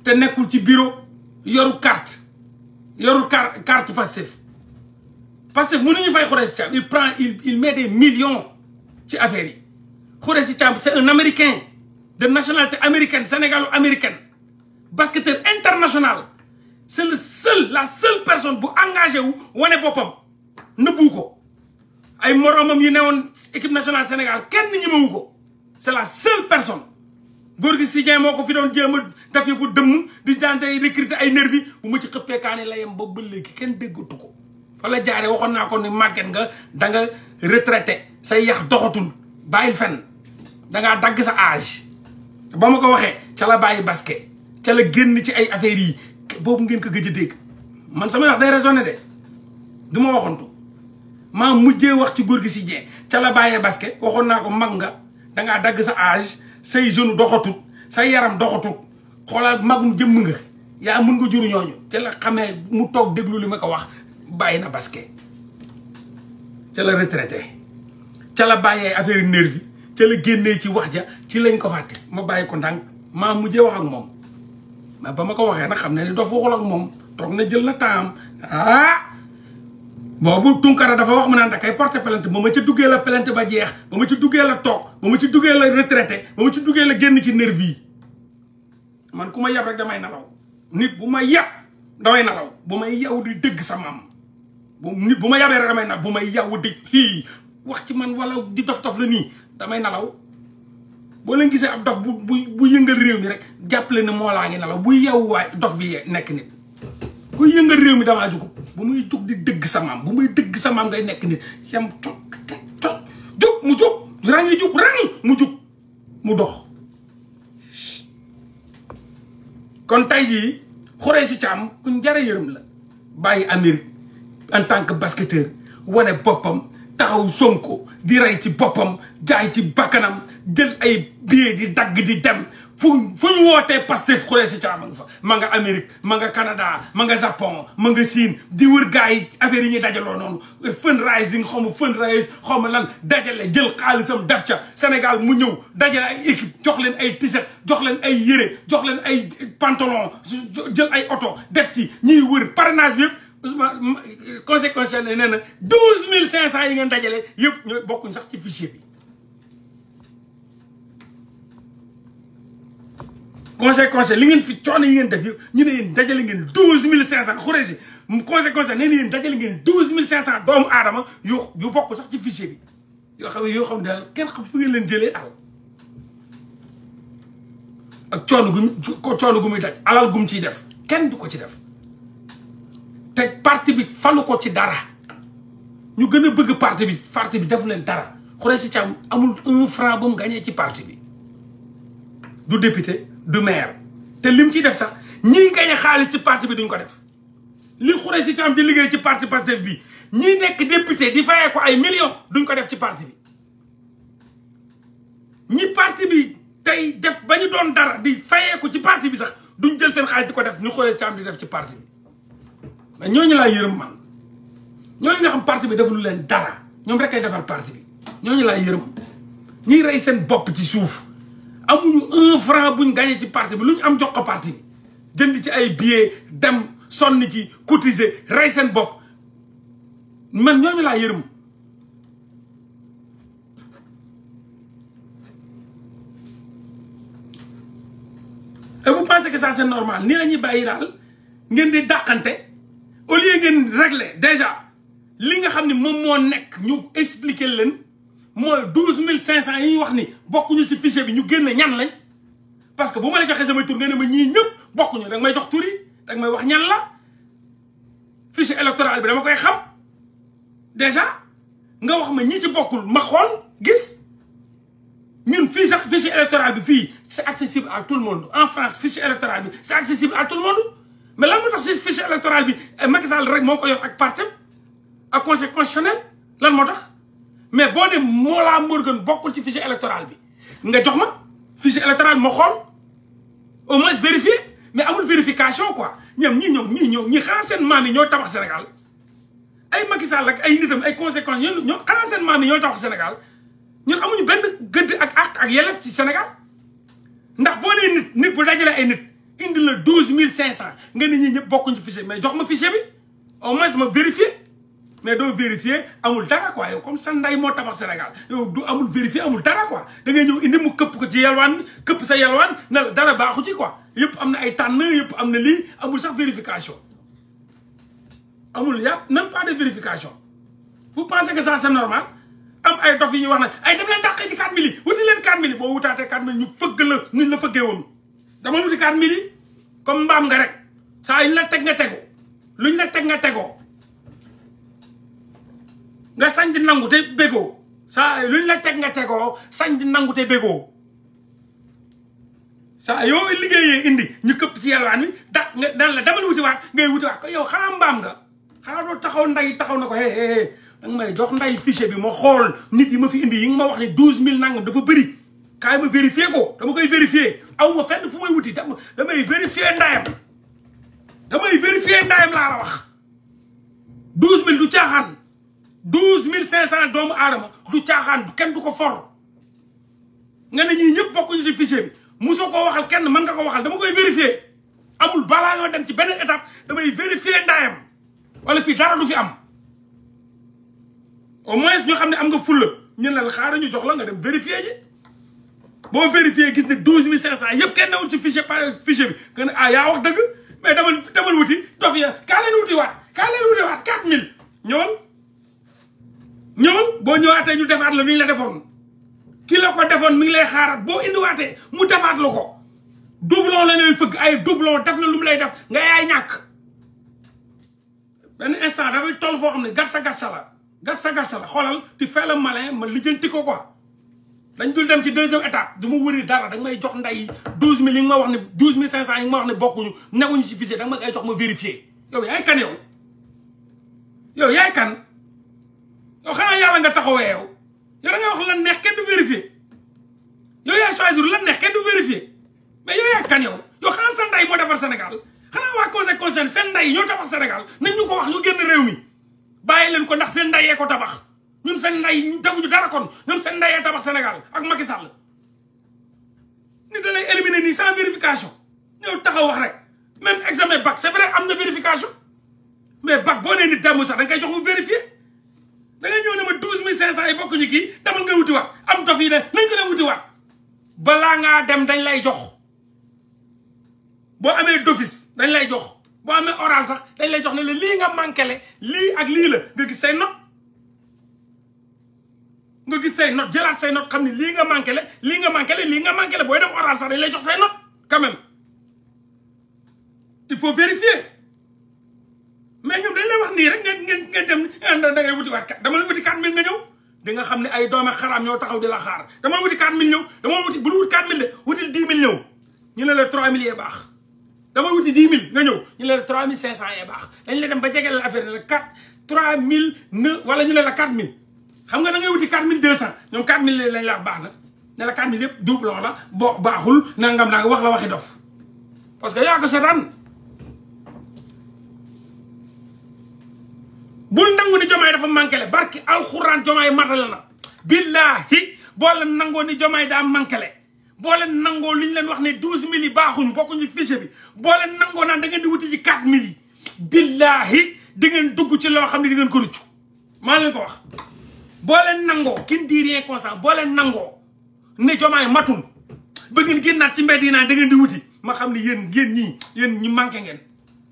te nekkul ci bureau yoru carte yorul carte carte Pastef Pastef mënuñu fay Khoureyssi Thiam il prend il il met des millions ci affaire yi Khoureyssi Thiam c'est un américain de nationalité américaine sénégalo-américaine basketteur international c'est le seul la seule personne bu engagé wu wane boppam nëbbu ko ay moromam yu newoon équipe nationale Sénégal kenn ñi mawu ko c'est la seule personne góor gi si moo ko fi doon jéem a daf fu dëmm di daante recruter ay nervi bu ma ci xëppee kaani la yem ba ba léegi kenn déggatu ko fa la jaaree waxoon naa ko ni màgget nga danga retraité sa yax doxatul bàyyil fenn dangaa dagg sa âge ba ma ko waxee ca la bàyyi basket ca la génn ci ay affaires yi boobu ngeen ko gëj a man sama wax day raisonné de du ma waxantu maa mujjee wax ci góor si jee ca la bàyyee basket waxoon naa ko mag nga dangaa dagg sa âge say jeune doxatut say yaram doxatut xoolal magum jëmm nga yaa mën nga jur ñooñu ca la xamee mu toog déglu li ma ko wax bàyyi na basket ca la retraité ca la bàyyee affaire nervi ca la génnee ci wax ja ci lañ ko fàtte ma bàyyi ko ndànk maa mujjee wax ak moom mais ba ma ko waxee nag xam ne ni dof waxul ak moom toog na jël na temps ah boobu Tunkara dafa wax mu naan da kay porté plainte ba ma ca duggee la plainte ba jeex ba ma ci duggee la toog ba ma ci duggee la retraité ba ma ci duggee la génn ci nervi yi man ku ma yab rek damay nalaw nit bu ma yab damay nalaw bu may yaw di dëgg sa maam nit bu ma yabee rek damay nalaw bu may yaw di kii wax ci man wala di dof-dof la nii damay nalaw boo leen gisee ab dof bu bu bu yëngal réew mi rek jàppale ne moo laa ngi nalaw buy yaw waay dof bi nekk nit kuy yëngal réew mi damaa jugub bu muy jug di dëgg sa bu muy dëgg sa ngay nekk nii yam cot cot cot mu jub rangi jub rangi mu jub mu dox kon tey ji xoree si caam ku njara yërëm la bàyyi Amérique en tant que basketteur wane boppam taxaw Sonko di rey ci boppam jaay ci bakkanam jël ay billet di dagg di dem fu fu ñu wootee Pastef Khoureyssi Thiam ma nga fa ma nga Amérique ma nga Canada ma nga Japon ma nga Chine di wër gars yi affaire yi ñuy dajaloo noonu fundraising xaw ma fundraise xaw ma lan dajale jël xaalisam def ca Sénégal mu ñëw dajale ay équipe jox leen ay t-shirt jox leen ay yére jox leen ay pantalon jël ay oto def ci ñiy wër parrainage bi yëpp conséquence ne nee na douze mille cinq cent yi ngeen dajale yëpp ñooy bokkuñ sax ci fichier conseil conseil li ngeen fi coono yi ngeen def ñu ne yéen dajale ngeen douze mille cinq cent xure si conseil conseil nee na yéen dajale ngeen douze mille cinq cent doomu aadama yu bokk sax ci fichier bi yoo xam ne yoo xam ne daal kenn fu ngeen leen jëlee àll ak coono gu gu muy daj alal gum ciy def kenn du ko ci def te parti bi falu ko ci dara ñu gën a bëgg parti bi parti bi defu leen dara xure si ci amul un franc ba mu gañee ci parti bi du député du maire te lim ciy def sax ñiy gañe xaalis ci parti bi duñ ko def li xure si tam di liggéey ci parti Pastef bi ñi nekk député di fayee ko ay millions duñ ko def ci parti bi ñi parti bi tey def ba ñu doon dara di fayeeku ci parti bi sax duñ jël seen xaalis di ko def ñu xoolee si am di def ci parti bi mais ñooñu laa yërëm man ñooñu nga xam parti bi deful leen dara ñoom rek ay defar parti bi ñooñu laa yërëm ñiy rey seen bopp ci suuf amuñu un franc buñ gagné ci parti bi lu ñu am jox ko parti bi jënd ci ay billets dem sonn ci cotiser rey seen bopp man ñooñu laa yërëm et vous pensez que ça c'est normal nii lañuy bàyyi daal ngeen di dàqante au lieu ngeen régler déjà li nga xam ni moom moo nekk ñu expliquer leen mooy douze mille cinq cent yi wax ni bokkuñu ci fichier bi ñu génne ñan lañ parce que bu ma la joxee ne ma ñii ñëpp bokkuñu danga may jox tur yi danga may wax ñan la fichier électoral bi dama koy xam déjà nga wax ma ñi ci bokkul ma xool gis ñun fii sax fichier électoral bi fii c'est accessible à tout le monde en France fichier électoral bi c'est accessible à tout le monde mais lan moo tax si fichier électoral bi Macky rek moo ko yor ak partem ak conseil constitutionnel lan moo tax mais boo dem Mollah Morgun bokkul ci fichier électoral bi nga jox ma fichier électoral ma xool au moins vérifier mais amul vérification quoi ñoom ñii ñoom ñii ñëw ñi xanaa seen maam yi ñoo tabax Sénégal ay Macky Sall ak ay nitam ay conséquences ñoom ñoo xanaa seen ñoo tabax Sénégal ñun amuñu benn gëdd ak àq ak yelef ci Sénégal ndax boo nee nit nit bu dajale ay nit indi la douze mille cinq cent nga ni ñi ñëpp bokkuñu ci fichier mais jox ma fichier bi au moins ma vérifier. mais doo vérifier amul dara quoi yow comme sa nday moo tabax Sénégal yow du amul vérifier amul dara quoi da ngay ñëw indi mu këpp ko ci yalwaan këpp sa yalwaan na dara baaxu ci quoi yëpp am na ay tànn yëpp am na lii amul sax vérification amul yàpp même pas de vérification vous pensez que ça c'est normal am ay dof yi ñuy wax na ay dem leen dàqee ci 4 mille yi wuti leen 4 mille yi boo wutaatee 4 mille ñu fëgg la ñu la fëggee woon dama wuti 4 mille yi comme mbaam nga rek la teg nga tegu luñ la teg nga tegoo nga sañ di nangu te bégoo saa luñ la teg nga tegoo sañ di nangu te bégoo saa yoo liggéeyee indi ñu këpp ci yalwaan wi dak nga daan la damal wutiwaat ngay wutiwaat ko yow xanaa mbaam nga xanaa doo taxaw nday taxaw na ko hee hee danga may jox nday fichier bi moo xool nit yi ma fi indi yi nga ma wax ne douze mille nangam dafa bëri kaay ma vérifier ko dama koy vérifier aw ma fenn fu may wuti damay vérifier ndayam damay vérifier ndayam laa la wax douze mille du caaxaan douze mille cinq cent doomu aadama du caaxaan kenn du ko for nga ne ñii ñëpp bokkuñu ci fichier bi mosoo koo waxal kenn mën nga ko waxal dama koy vérifier amul balaa yoo dem ci beneen étape damay vérifier ndaayam wala fii dara du fi am au moins ñu xam ne am nga fulla ñu ne la xaaral ñu jox la nga dem vérifier ji boo vérifier gis ne douze mille cinq cent yëpp kenn newul ci fichier par fichier bi nga ne ah dëgg mais demal demal wuti dof ya kaa leen wuti waat kaa leen wuti waat quatre mille ñëwal ñëwal boo ñëwaatee ñu defaat la ni ñu la defoon ki la ko defoon mi ngi lay xaaraat boo indiwaatee mu defaat la ko doublon la ngay fëgg ay doublon def la lu mu lay def nga yaay ñàkk benn instant dafay toll foo xam ne gat sa gat sa la gat sa gat sa la xoolal ti fais le malin ma lijjanti ko quoi dañ dul dem ci deuxième étape du ma wëri dara da may jox nday douze mille yi ma wax ne douze mille cinq cent yi nga ma wax ne bokkuñu newuñu ci visite da nga ma koy jox ma vérifier yow yow xanaa yàlla nga taxawee yow yow da nga wax lan neex kenn du vérifier yow yaa choisir lan neex kenn du vérifier mais yow yaa kan yow yow xanaa sa ndey moo defar Sénégal xanaa waa conseil conseil seen ndey ñoo tabax Sénégal nañ ñu ko wax ñu génn réew mi bàyyi leen ko ndax seen ndeyee ko tabax ñun seen ndey defuñu dara kon ñun seen ndeyee tabax Sénégal ak Macky Sall ni da lay éliminer nii sans vérification ñëw taxaw wax rek même examen bac c'est vrai am na vérification mais bac boo nee sax da nga jox mu vérifier cinq cent yi bokk ñu kii demal nga wutiwaat am dof yi ne nañ ko ne wutiwaat balaa ngaa dem dañ lay jox boo amee d'office dañ lay jox boo amee orange sax dañ lay jox lii nga manqué le ak lii la nga gis say note nga gis say note jëlaat say note xam ne lii nga manqué lii nga manqué le nga manqué booy dem orange dañ lay jox say note quand même il faut vérifier mais ñoom dañ lay wax nii rek nga nga nga dem da ngay wuti waat dama la wuti 4000 nga ñëw. di nga xam ne ay doomi xaraam ñoo taxaw di la xaar dama wuti 4 000 ñëw dama wuti bu wut 4 000 de wutil 10 000 ñëw ñu ne la 3 000 yee baax dama wuti 10 000 nga ñëw ñu ne la 3 500 yee baax dañ la dem ba jege la affaire ne la 4 3 000 ne wala ñu ne la 4 000 xam nga da ngay wuti 4 200 ñoom 4 000 lañ la wax baax na ne la 4 000 yëpp doublon la boo baaxul nangam naa wax la waxi dof parce que yaa ko seetaan bul nangu ni jomaay dafa manqué le barki alxuraan jomaay matale na billaahi boo leen nangoo ni jomaay daa manqué le boo leen nangoo li ñu leen wax ne douze mille yi baaxuñu bokkuñu fichier bi boo leen nangoo naan da di wuti ci quatre mille yi billaahi di ngeen dugg ci loo xam ne di ngeen ko ruccu maa leen ko wax boo leen nangoo qui ne dit rien boo leen nangoo ne jomaay matul ba ngeen génnaat ci mbedd yi naan da di wuti ma xam ne yéen yéen ñi yéen ñu manqué ngeen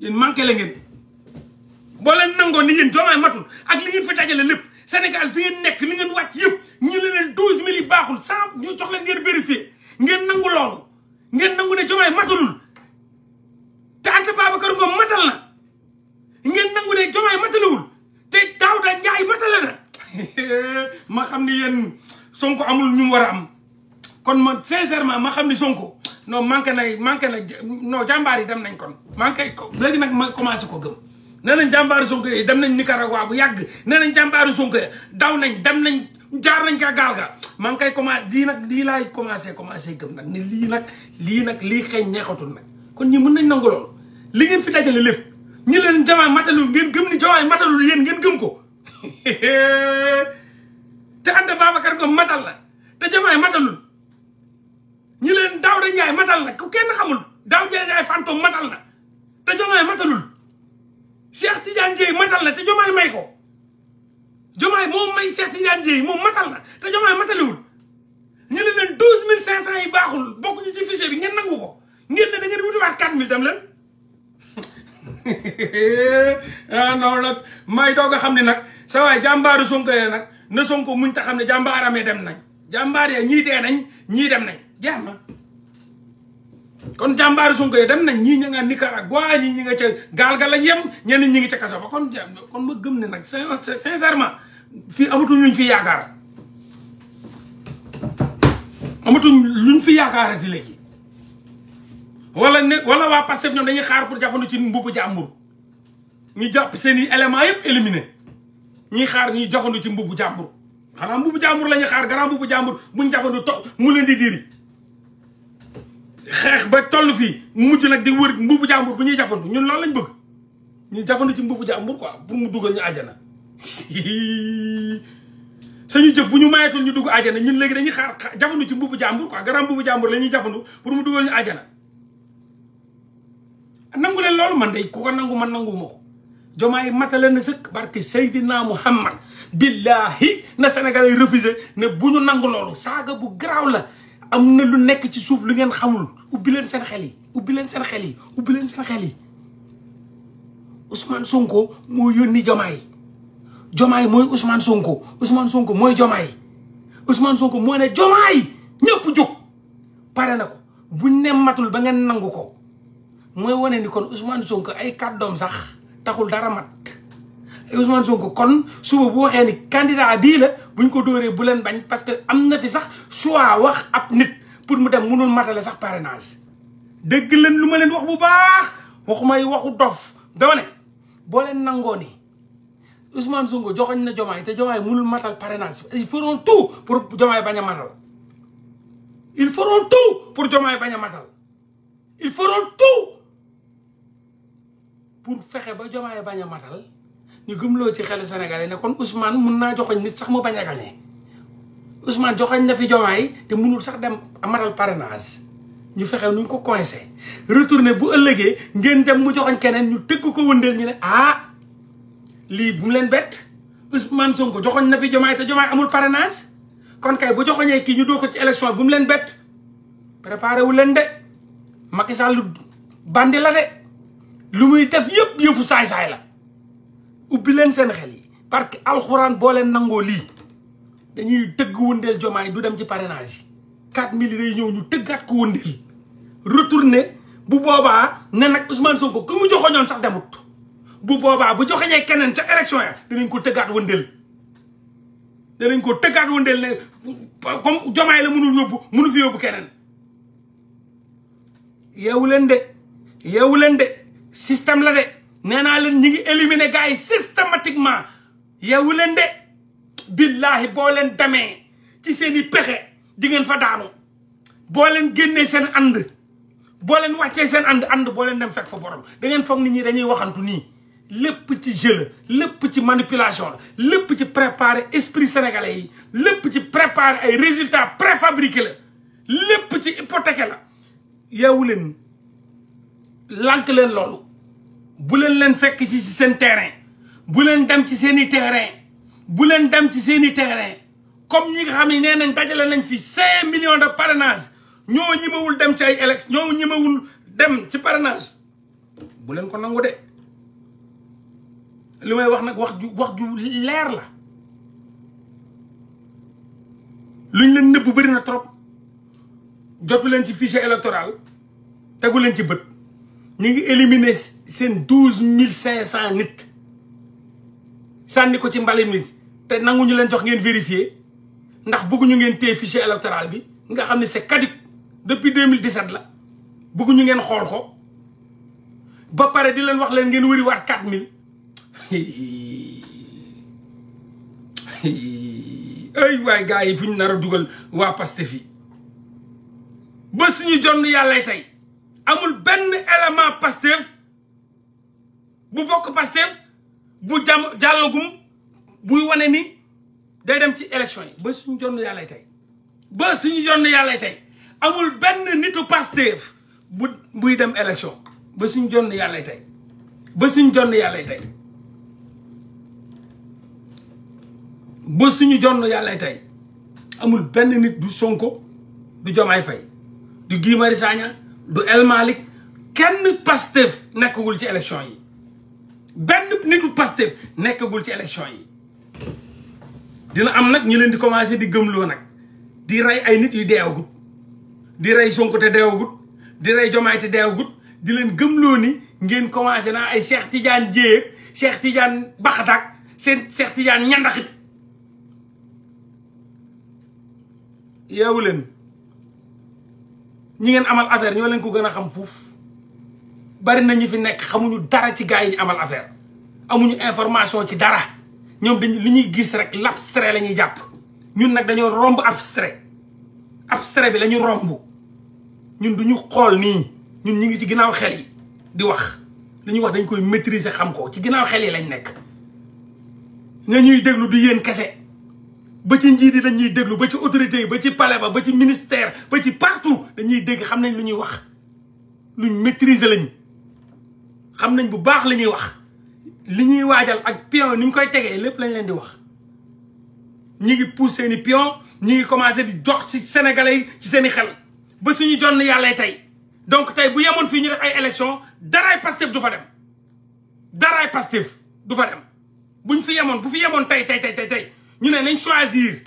yéen manqué la ngeen boo leen nangoo ni yéen joomaay matul ak li ngeen fa dajale lépp Sénégal fi ngeen nekk li ngeen wàcc yëpp ñu ne leen douze mille yi baaxul sans ñu jox leen ngeen vérifié ngeen nangu loolu ngeen nangu ne joomaay matalul te Anta Babacar Ngom matal na ngeen nangu ne joomaay matalewul te Daouda Ndiaye matale na ma xam ni yéen Sonko amul ñu war a am kon man sincèrement ma xam ni Sonko non manqué na manqué na non jàmbaar yi dem nañ kon manqué léegi nag ma commencé ko gëm nee nañ jàmbaaru Sonko yi dem nañ Nicaragua bu yàgg nee nañ jàmbaaru Sonko yi daw nañ dem nañ jaar nañ ka gaal ga maa ngi koy commencé lii nag lii laay commencé commencé gëm nag ne lii nag lii nag lii xëy neexatul nag kon ñi mën nañ nangu li ngeen fi dajale lépp ñi leen jamaa matalul ngeen gëm ni jamaa matalul yéen ngeen gëm ko te Anta Babacar Ngom matal la te jamaay matalul ñi leen daaw da njaay matal na ku kenn xamul daaw da njaay fantôme matal na te jamaay matalul Cheikh Tidiane Dieye matal na te Jomaay may ko Jomaay moo may Cheikh Tidiane Dieye moom matal na te Jomaay matalewul ñu ne leen douze mille cinq cent yi baaxul bokk ñu ci fichier bi ngeen nangu ko ngeen ne da ngeen wutiwaat quatre mille dem leen ah non la may doog a xam ni nag sa waay jàmbaaru Sonko yee nag na Sonko muñ ta xam ne jàmbaaramee dem nañ jàmbaar ya ñii dee nañ ñii dem nañ jeex na kon jàmbaari Sonko yi dem nañ ñii ña nga Nicaragua ñii ñi nga ca gaal ga lañ yem ñenn ñi ngi ca kaso ba kon kon ma gëm ne nag sincèrement fii amatuñ luñ fi yaakaar luñ fi yaakaar di léegi wala ne wala waa Pastef ñoom dañuy xaar pour jafandu ci mbubu jàmbur ñu jàpp seen i éléments yëpp éliminé ñuy xaar ñuy jafandu ci mbubu jàmbur xanaa mbubu jàmbur la ñuy xaar grand mbubu jàmbur buñ jafandu to mu leen di diri xeex ba toll fii mujj nag di wër mbubu jàmbur bu ñuy jafandu ñun loolu lañ bëgg ñu jafandu ci mbubu jàmbur quoi pour mu dugal ñu àjjana suñu jëf bu ñu mayetul ñu dugg àjjana ñun léegi dañuy xaar jafandu ci mbubu jàmbur quoi garam mbubu jàmbur la ñuy jafandu pour mu dugal ñu àjjana nangu leen loolu man day ku ko nangu man nangu ma ko jomaay matale na sëkk barke Seydina Muhammad billahi na Sénégal yi refusé ne bu ñu nangu loolu saaga bu garaaw la am na lu nekk ci suuf lu ngeen xamul ubbi leen seen xel yi ubbi leen seen xel yi ubbi leen seen xel yi Ousmane Sonko moo yónni Jomaay Jomaay mooy Ousmane Sonko Ousmane Sonko mooy Jomaay Ousmane Sonko moo ne Jomaay ñëpp jóg pare na ko buñ ne matul ba ngeen nangu ko mooy wane ni kon Ousmane Sonko ay kàddoom sax taxul dara mat Ousmane Sonko kon suba bu waxee ni candidat bii la buñ ko dóoree bu leen bañ parce que am na fi sax choix wax ab nit pour mu dem munul matale sax parrainage dëgg leen lu ma leen wax bu baax waxumay waxu dof dama ne boo leen nangoo ni Ousmane Sonko joxoñ na Jomaay te Jomaay munul matal parrainage ils feront tout pour Jomaay bañ a matal ils feront tout pour Jomaay bañ a matal ils feront tout pour fexe ba Jomaay bañ a matal ñu gëmloo ci xelu Sénégal yi ne kon Ousmane mun naa joxoñ nit sax mu bañ a gañe Ousmane joxoñ na fi jomaay te munul sax dem amaral parrainage ñu fexe nu ko coincé retourné bu ëllëgee ngeen dem mu joxoñ keneen ñu tëgg ko wëndeel ñu ne ah lii bu mu leen bett Ousmane Sonko joxoñ na fi jomaay te jomaay amul parrainage kon kay bu joxoñee kii ñu doo ko ci élection bu mu leen bett préparé wu leen de Macky Sall bandi la de lu muy def yëpp yëfu saay-saay la ubbi leen seen xel yi parce que alxuraan boo leen nangoo lii dañuy tëgg wëndeel jomaay du dem ci parrainage yi quatre mille day ñëw ñu tëggaat ko wëndeel retourné bu boobaa ne nag Ousmane ko ku mu joxoñoon sax demut bu boobaa bu joxoñee keneen ca élection ya danañ ko tëggaat wëndeel danañ ko tëggaat wëndeel ne comme jomaay la mënul yóbbu mënu fi yóbbu keneen yeewu leen de yeewu leen de système la de nee naa leen ñi ngi éliminer gars yi systématiquement yeewu leen de billaahi boo leen demee ci seen i pexe di ngeen fa daanu boo leen génnee seen ànd boo leen wàccee seen ànd ànd boo leen dem fekk fa borom da ngeen foog ni ñi dañuy waxantu nii lépp ci jeu la lépp ci manipulation lépp ci préparer esprit sénégalais yi lépp ci préparer ay résultats préfabriqués la lépp ci hypothèque la yeewu leen lànk leen loolu bu leen leen fekk ci seen terrain bu leen dem ci seen i terrain bu leen dem ci seen i terrain comme ñi nga xam ne nee nañ dajale nañ fi cinq millions de parrainage ñoo ñimawul dem ci ay élect ñoo ñimawul dem ci parenage bu leen ko nangu de li may wax nag wax ju wax ju leer la luñ leen nëbb bëri na trop jotu leen ci fichier électoral tegu leen ci bët ñu ngi éliminer seen douze mille cinq cent nit sànni ko ci mbalit mi te nangu ñu leen jox ngeen vérifier ndax bëgguñu ngeen téye fichier électoral bi nga xam ne c'est caduc depuis deux 2017 la bëgguñu ngeen xool ko ba pare di leen wax leen ngeen wëri waat quatre mille ay waay gars yi fu ñu nar a dugal waa Pastef fii ba suñu jonn yàllay tey amul benn élément Pastef bu bokk Pastef bu jam jàllagum buy wane ni day dem ci élection ba suñu jonn yàllay tey ba suñu jonn yàllay tey amul benn nitu Pastef bu buy dem ba suñu jonn yàllay tey ba suñ jonn yàllay tey ba suñu jonn yàllay tey amul benn nit du Sonko du Jomaay Fay du Guy Marius du El kenn Pastef nekkagul ci élection yi benn nitu Pastef nekkagul ci élection yi dina am nag ñu leen di commencé di gëmloo nag di rey ay nit yu deewagut di rey Sonko te deewagut di rey Jomaay te deewagut di leen gëmloo ni ngeen commencé naa ay Cheikh Tidiane Dièye Cheikh Tidiane Baxataak seen Cheikh Tidiane ñandaxit yeewu leen ñi ngeen amal affaire ñoo leen ko gën a xam foofu bari na ñi fi nekk xamuñu dara ci gars yi ñu amal affaire amuñu information ci dara ñoom dañu li ñuy gis rek l'abstrait la lañuy jàpp ñun nag dañoo romb abstrait abstrait bi lañu romb ñun du ñu xool nii ñun ñu ngi ci ginnaaw xel yi di wax li ñuy wax dañ koy maîtriser xam ko ci ginnaaw xel yi lañ nekk nga ñuy déglu du yéen kese ba ci njiit yi dañuy déglu ba ci autorité yi ba ci palais ba ba ci ministère ba ci partout dañuy dégg xam nañ lu ñuy wax luñ maîtriser lañ xam nañ bu baax la ñuy wax li ñuy waajal ak pion ni ñu koy tegee lépp lañ leen di wax ñi ngi poussé seeni pion ñi ngi commencé di jox ci sénégalais yi ci seen i xel ba suñu jonn yàlla tey donc tey bu yemoon fii ñu def ay élection daraay Pastef du fa dem daraay Pastef du fa dem bu ñu fi yemoon bu fi yemoon tey tey tey tey ñu ne nañ choisir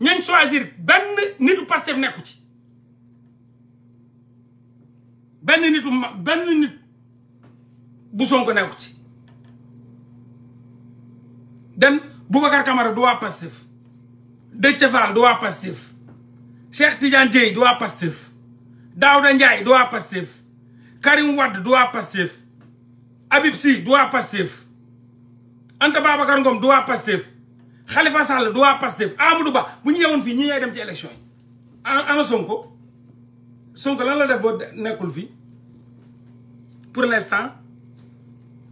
ñañ choisir benn nitu Pastef nekku ci benn nit bu Sonko nekku ci den Boubacar Camara du waa Pastef Déthié Fall du waa Pastef Cheikh Tidiane Dièye du waa Pastef Daouda Ndiaye du waa Pastef Karim Wade du waa Pastef Habib Sy du waa Pastef Anta Babacar Ngom du waa Pastef Khalifa Sall du waa Pastef Amadou Ba bu ñu yemoon fii ñi ñooy dem ci élection yi ana Sonko la def fii pour l'instant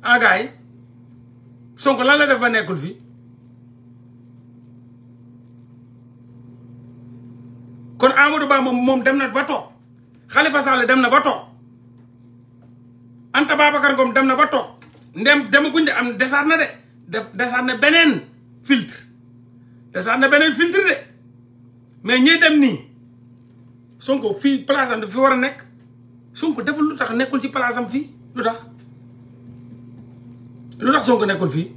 ah, gars yi lan la def ba nekkul fii kon Amadou moom moom dem na ba toog Khalifa Sall dem na ba toog Anta Babacar Ngom dem na ba toog ndem demaguñ de am desaat na de def desaan na beneen filtre desaan beneen filtre de mais ñuy dem nii Sonko fii place am dafa war a nekk Sonko deful lu tax nekkul ci place fii lu tax lu tax Sonko nekkul fii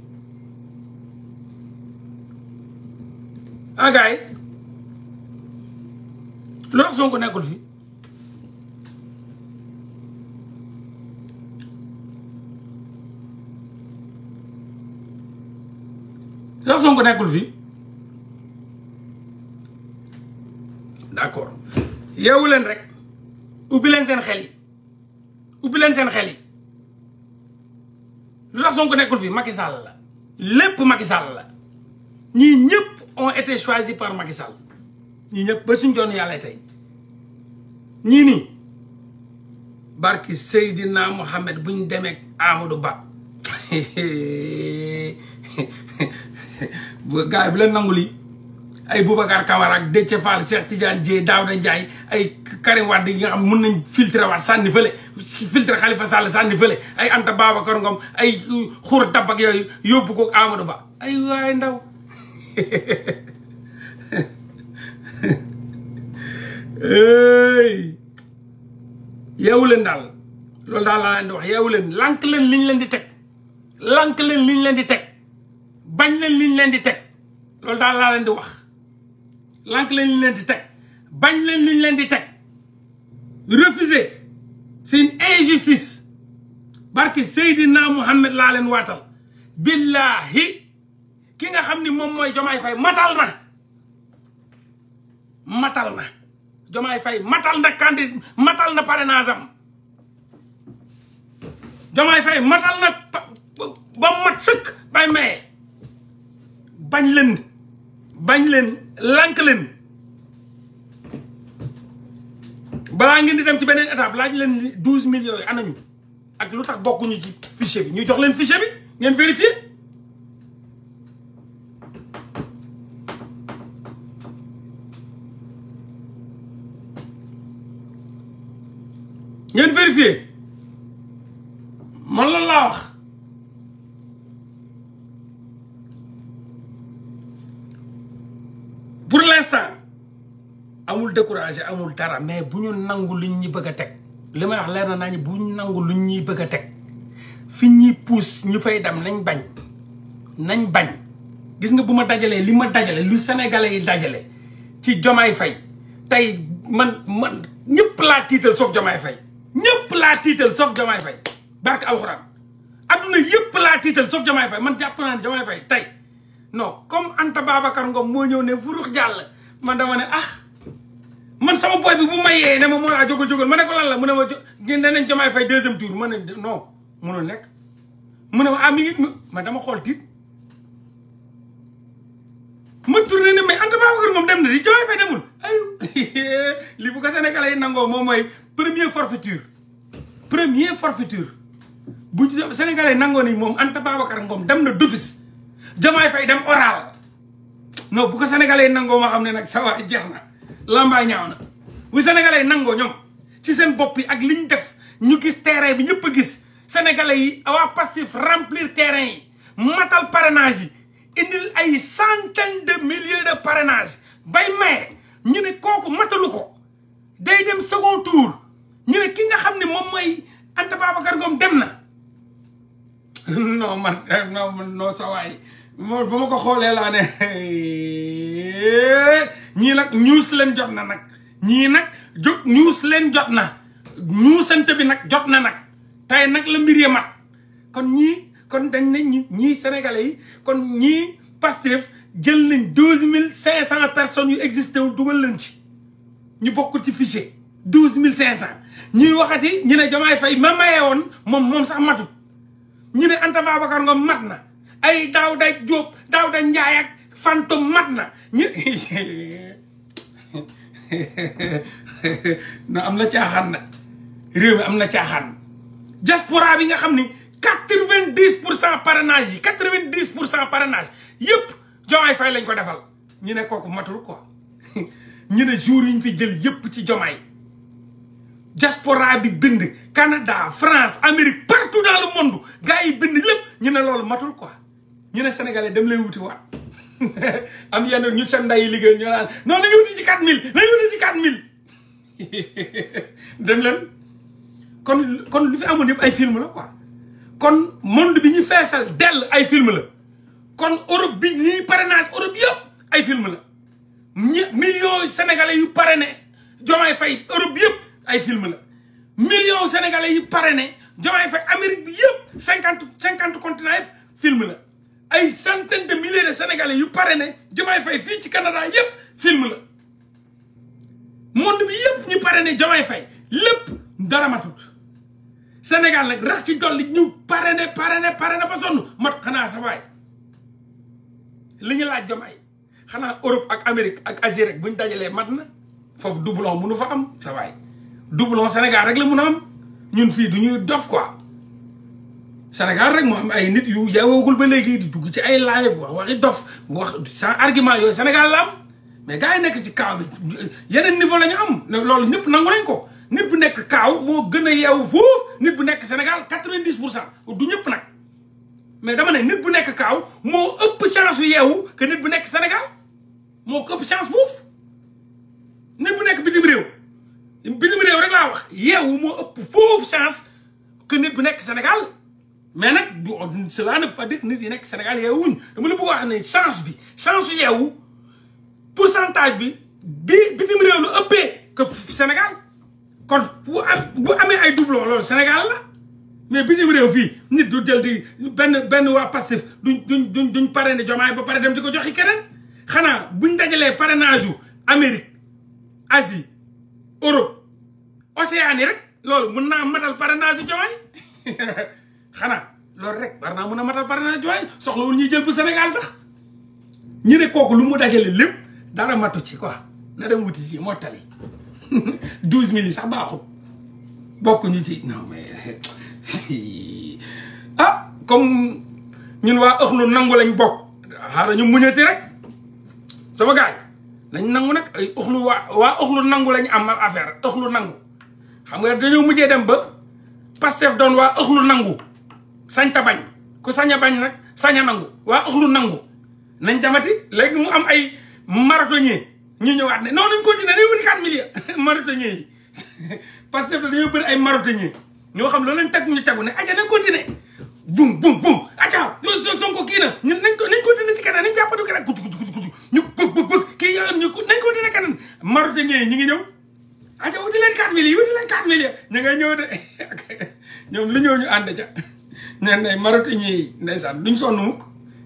ah gars yi lu tax Sonko nekkul fii da Sonko nekkul fii d'accord yeewu leen rek ubbi leen seen xel yi ubbi leen seen xel yi lu tax Sonko nekkul fii Macky Sall la lépp Macky la ñii ñëpp on été choisis par Macky ñii ñëpp ba suñ joon yàlla tey ñii nii barki Seydina Mohamed bu ñu demee Amadou Ba gars yi bu leen nangu lii ay Boubacar Camara ak Déthié Fall Cheikh Tidiane Dièye Daouda Ndiaye ay Karim Wade yi mun nañ filtre waat sànni fële filtre Khalifa Sall sànni fële ay Anta Babacar Ngom ay xuur dab ak yooyu yóbbu ko Amadou Ba ay waay ndaw yeewu leen daal loolu daal laa leen di wax leen liñ leen di teg lànk leen liñ leen di teg bañ leen liñ leen di teg loolu daal laa leen di wax lank leen liñ leen di teg bañ leen liñ leen di teg refuser c'est une injustice barki Seydina Mouhamed laa leen waatal billahi ki nga xam ni moom mooy Jomaay Fay matal na matal na Jomaay Fay matal na candidat matal na parrainage am Jomaay Fay mat sëkk bay maye bañ leen bañ leen lànk leen balaa ngeen di dem ci beneen étape laaj leen ni douze millions yi anañu ak lu tax bokkuñu ci fichier bi ñu jox leen fichier bi ngeen vérifier ngeen vérifier moom la laa wax pour l'instant amul découragé amul dara mais bu ñu nangu luñ ñi bëgg a teg li may wax leer na naa bu ñu nangu luñ ñuy bëgg a teg fi ñuy puus ñu fay dem nañ bañ nañ bañ gis nga bu ma dajalee li ma dajale lu sénégalais yi dajale ci jomaay fay tey man man laa tiital sauf jomaay fay ñëpp laa tiital sauf jomaay fay barke alxuraan adduna yëpp laa tiital soof jomaay fay man jàpp naa ne jomaay fay tey non comme Anta Babacar Ngom moo ñëw ne Vurux jàll man dama ne ah man sama boy bi bu mayee ne ma moo laa jógal jógal ma ne ko lan la mu ne ma jo nañ Diomaye Faye deuxième tour ma ne non mënul nekk mu ne ma ah, ma dama xool tiit ma tourné ne may Anta Babacar Ngom dem na di Diomaye Faye demul ay li bu ko Sénégalais yi nangoo moom mooy première forfaiture première forfaiture yi moom Anta Babacar Ngom dem na d'office Diomaye fay dem oral non bu ko nangoo ma xam ne nag sa jeex na lambay ñaaw na bu sénégalais nangoo ñoom ci seen bopp yi ak li ñu def ñu gis terrain bi ñëpp a gis sénégalais yi waa Pastef remplir terrain yi matal parrainage yi indil ay centaine de milliers de parrainage bay maye ñu ne kooku matalu ko day dem second tour ñu ne ki nga xam ne moom mooy Anta Babacar Ngom dem na non man non non moo bu ma ko xoolee laa ne ñii nag ñuus leen jot na nag ñii nag jot ñuus leen jot na ñuusante bi nag jot na nag tey nag la mbir ya mat kon ñii kon dañ nañ ñi ñii sénégalais yi kon ñii Pastef jël lañ douze mille cinq cent personnes yu existé wu dugal lañ ci ñu bokk ci fichier douze mille cinq cent ñuy waxati ñu ne Diomaye Faye ma maye woon moom moom sax matut ñu ne Anta Babacar Ngom mat na ay Daouda Diop Daouda da ak Fantôme mat na ñu non am na caaxaan nag réew mi am na caaxaan diaspora bi nga xam ni quatre vingt dix pour cent parrainage yi quatre vingt dix pour cent parrainage yëpp jomaay fay lañ ko defal ñu ne kooku matul quoi ñu ne jour yi ñu fi jël yëpp ci jomaay diaspora bi bind Canada France Amérique partout dans monde gars yi bind lépp ñu ne loolu matul quoi ñu ne sénégalais dem lay wuti waat am yenn ñu seen nday liggéey ñu naan non nañu wuti ci 4000 nañu wuti ci 4000 dem leen kon kon lu fi amoon yëpp ay film la quoi kon monde bi ñu feesal dell ay film la kon Europe bi nii parrainage Europe yëpp ay film la ñi millions sénégalais yu parrainé Diomaye Faye Europe yëpp ay film la millions sénégalais yu parrainé Diomaye Faye Amérique bi yëpp cinquante cinquante continent yëpp film la ay centaine de milliers de yu pare ne Diomaye Faye fii ci Canada yépp film la monde bi yépp ñu pare ne Diomaye fay lépp dara matut Sénégal nag rax ci dolli ñu pare ne pare ne ba sonn mat xanaa sa waay li ñu laaj Diomaye xanaa Europe ak Amérique ak Asie rek bu ñu dajalee mat na foofu doublon mënu fa am sa waay doublon Sénégal rek la mun a am ñun fii du ñuy dof quoi. Sénégal rek mu am ay nit yu yeewoogul ba léegi di dugg ci ay live wax waxi dof wax sans argument yooyu Sénégal la am mais gars yi nekk ci kaaw bi yeneen niveau la ñu am loolu ñëpp nangu nañ ko nit bu nekk kaaw moo gën a yeewu foofu nit bu nekk Sénégal quatre-vingt-dix pour cent ñëpp nag mais dama ne nit bu nekk kaaw moo ëpp chance yu yeewu que bu nekk Sénégal moo ko ëpp chance nekk bitim réew bitim réew rek laa wax yeewu moo ëpp foofu chance que nit bu nekk Sénégal mais nag du cela ne veut pas nit yi nekk Sénégal yeewuñ dama la bëgg wax ne chance bi chance yeewu pourcentage bi bi bitim réew lu ëppee que Sénégal kon bu am amee ay doublon loolu Sénégal la mais bitim réew fii nit du jël di benn benn waa du duñ duñ duñ duñ parrainé Diomaye ba pare dem di ko joxi keneen xanaa buñ dajalee parrainage yu Amérique Asie Europe Océanie rek loolu mun naa matal parrainage yu Diomaye xanaa loolu rek war naa mun a matal parrainage Diomaye soxlawul ñuy jël bu Sénégal sax ñu ne kooku lu mu dajale lépp dara matu ci quoi na dem wuti ci moo tali douze mille yi sax baaxut bokk ñu ci non ah comme ñun waa ëxlu nangu lañu bokk xaaral ñu muñati rek sama gars yi nañ nangu nag ay ëxlu waa waa ëxlu nangu lañ amal affaire ëxlu nangu xam nga dañoo mujjee dem ba Pastef doon waa ëxlu nangu sañ ta bañ ku sañ a bañ rek sañ a nangu waa axlu nangu nañ demati léegi mu am ay marathonier ñu ñëwaat ne non nañ continuer nañ wuti quatre millions marathonier yi parce que dañoo bëri ay ñoo xam loolu lañ teg ñu tegu ne aja nañ continuer bum bum bum aja Sonko kii na ñun nañ nañ continuer ci kanam nañ jàppatu kanam gudd gudd gudd ñu bëgg euh, ñu yi ñu ngi ñëw aja wuti leen quatre millions wuti leen quatre ñu ngay ñëw de ñoom lu ñëw ñu ànd ca ne nday marathonnier yi ndeysaan duñ sonn mukk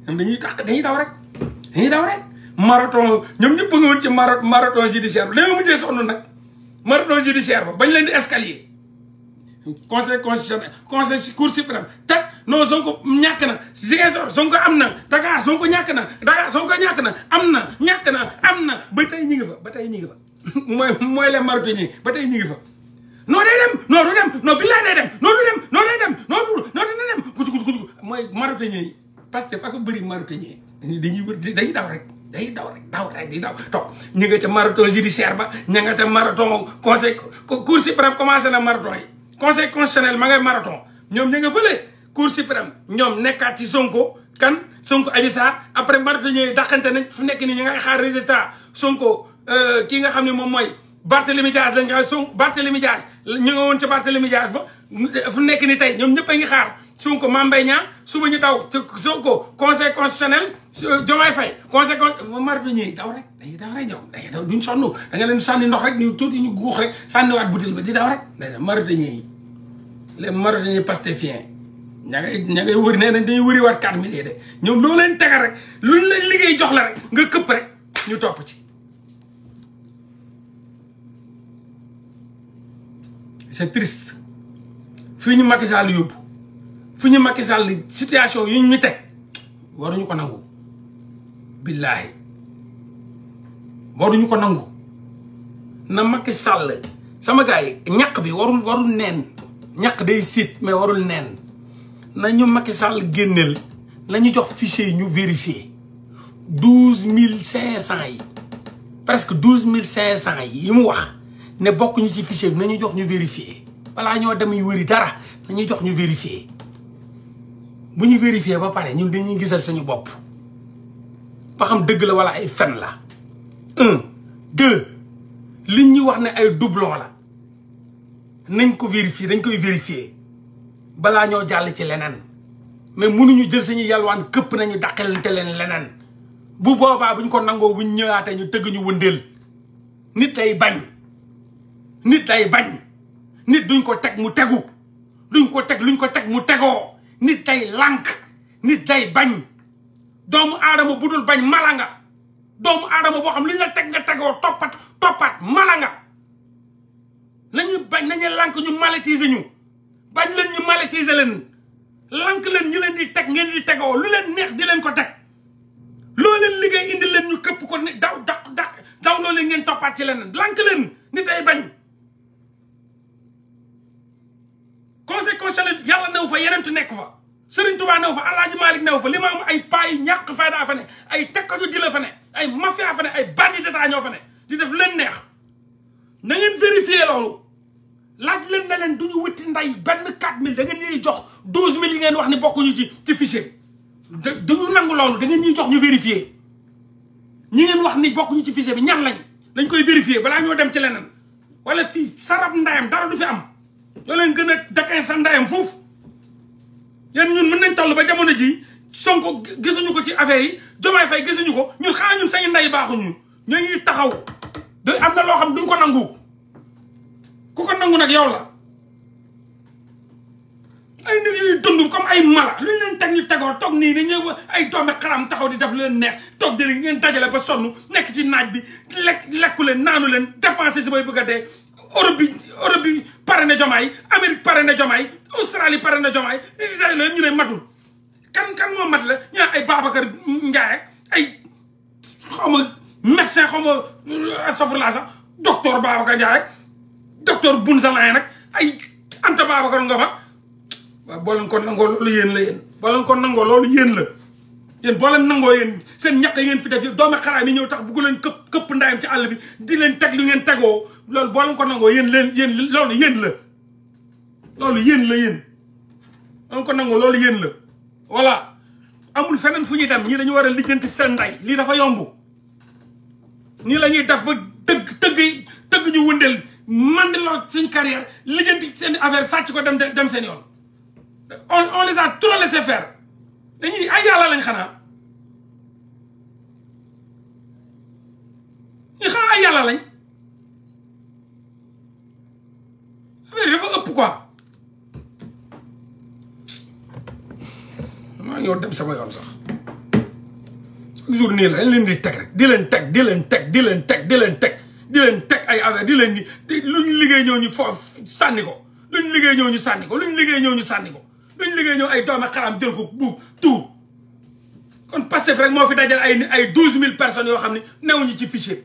ñoom dañuy tàq dañuy daw rek dañuy daw rek marathon ñoom ñëpp nga woon ci mara marathon judiciaire bi dañoo mujjee sonn nag marathon judiciaire ba bañ leen di escalier conseil constitutionnel conseil cour suprême teg non Sonko ñàkk na Ziguinchor Sonko am na Dakar Sonko ñàkk na Dakar Sonko ñàkk na am na ñàkk na am na ba tey ñu ngi fa ba tey ñu ngi fa mooy mooy les marathonniers ba tey ñu ngi fa noo day dem noo du dem noo billaay day dem noo du dem noo day dem noo du noo dina dem gucc gucc gucc mooy marotañee yi parce que ak bëri marotañee dañuy wër dañuy daw rek day daw rek daw rek di daw to ñu nga ca marathon judiciaire ba ña nga ca marathon conseil cour suprême commencé na marathon yi conseil ma ngay marathon ñoom ña nga fële cour suprême ñoom nekkaat ci Sonko kan Sonko Adji Sarr après marathon yi dàqante nañ fu nekk nii ñi nga xaar résultat Sonko euh, kii nga xam ne moom mooy Barthélemy Dias lañ koy Sonko Barthélemy Dias ñu nga woon ca Barthélemy Dias ba fu nekk ni tey ñoom ñëpp a ngi xaar Sonko Mame Mbaye Niang suba ñu taw Sonko conseil constitutionnel euh, Diomaye Faye conseil mar bi ñuy daw rek dañuy daw rek ñëw dañuy daw duñ nga leen sànni ndox rek ñu tuuti ñu guux rek sànniwaat butéel ba di daw rek da marotañe yi les marotañe pastéfien ña ngay ña ngay wëri nee nañ dañuy wëri waat quatre mille de ñoom loo leen tegal rek lu luñ leen liggéey jox la rek nga këpp rek ñu topp ci c'est triste fii ñu Macky Sall yóbbu fi ñu Macky Sall situation yi ñu teg waruñu ko nangu billaahi waruñu ko nangu na Macky Sall sama gars yi ñaq bi warul warul neen ñaq day siit mais warul neen na ñu Macky Sall génneel la ñu jox fichier yi ñu vérifier douze mille cinq cent yi presque douze mille cinq cent yi yi mu wax ne bokk ñu ci fichier bi nañu jox ñu vérifier balaa ñoo dem yu wëri dara nañu jox ñu vérifier bu ñu vérifier ba pare ñun dañuy gisal suñu bopp ba dëgg la wala ay fen la un deux ñu wax ne ay doublon la nañ ko vérifier dañ koy vérifier balaa ñoo jàll ci leneen mais munuñu jël suñu yalwaan këpp nañu daqalante leen leneen bu boobaa buñ ko nangoo buñ ñëwaatee ñu tëgg ñu wëndeel nit ay bañ nit day bañ nit duñ ko teg mu tegu luñ ko teg luñ ko teg mu tegoo nit day lànk nit day bañ doomu adama bu dul bañ mala nga doomu aadama boo xam li ñu la teg nga tegoo toppat toppat mala nga nañu bañ nañu lànk ñu malétiser ñu bañ leen ñu malétiser leen lànk leen ñu leen di teg ngeen di tegoo lu leen neex di leen ko teg loo leen liggéey indi leen ñu këpp ko ne daw daw daw loo leen ngeen toppaat ci leneen lànk leen nit day bañ conseil constitutionnel yàlla new fa yeneen ti nekk fa Serigne Touba new fa Alaaji Malick new fa li limaam ay paay ñàkk fayda fa ne ay takkatu jila fa ne ay mafia fa ne ay bandi d'état ñoo fa ne di def leen neex na ngeen vérifier loolu laaj leen na du ñu wuti nday benn 4000 da ngeen ñuy jox 12000 yi ngeen wax ni bokkuñu ci ci fichier da duñu nangu loolu da ngeen ñuy jox ñu vérifier ñu ngeen wax ni bokkuñu ci fichier bi ñan lañ dañ koy vérifier balaa ñoo dem ci leneen wala fii sarab ndayam dara du fi am. ñoo leen gën a dakay sa ndayam foofu yéen ñun mën nañ toll ba jamono ji Sonko gisuñu ko ci affaire yi Diomaye fay gisuñu ko ñun xanaa ñun sañu nday baaxuñu ñoo ñuy taxaw de am na loo xam duñ ko nangu ku ko nangu nag yow la ay nit yuy dund comme ay mala lu ñu leen teg ñu tegoo toog nii ni ñëw ay doomi xaram taxaw di def leen neex toog di ngeen dajale ba sonn nekk ci naaj bi lekk lekku leen naanu leen dépensé si bay bëgg a dee Europe bi Europe bi pare na Diomaye Amérique pare na Diomaye Australie pare na Diomaye day la ñu ne matul kan kan moo mat la ñu ay Babacar Ndiaye ay xaw ma médecin xaw ma euh, safurlaa sax docteur Babacar Ndiaye docteur Bunzalaay nag ay Anta Babacar Ngom waaw boo leen ko nangoo loolu yéen la yéen boo leen ko nangoo loolu yéen la yéen boo leen nangoo yéen seen ñaq yi fi def yëpp doomi xaraam yi ñëw tax bugg leen këpp këpp ndaayam ci àll bi di leen teg lu ngeen tegoo loolu boo leen ko nangoo yéen leen yéen loolu yéen la loolu la yéen loolu ko loolu yéen la voilà amul feneen fu ñuy dem ñii dañu war a lijjanti seen nday lii dafa yomb ñii la ñuy def ba tëgg tëgg tëgg ñu wëndeel mandiloo suñ carrière lijjanti seen affaire sàcc ko dem dem seen yoon on on les a trop laissé faire dañuy ay yàlla lañ xanaa ñi xam ay yàlla lañ affaire yi dafa ëpp quoi maa yow dem sama yoon sax chaque jour nii la leen di teg rek di leen teg di leen teg di leen teg di leen teg di leen teg ay affaire di leen di luñ liggéey ñëw ñu foofu sànni ko luñ liggéey ñëw ñu sànni ko luñ liggéey ñëw ñu sànni ko luñ liggéey ñëw ay doomi xaram jël ko buub tout kon Pastef rek moo fi dajal ay ay douze mille personnes yoo xam ne newuñu ci fichier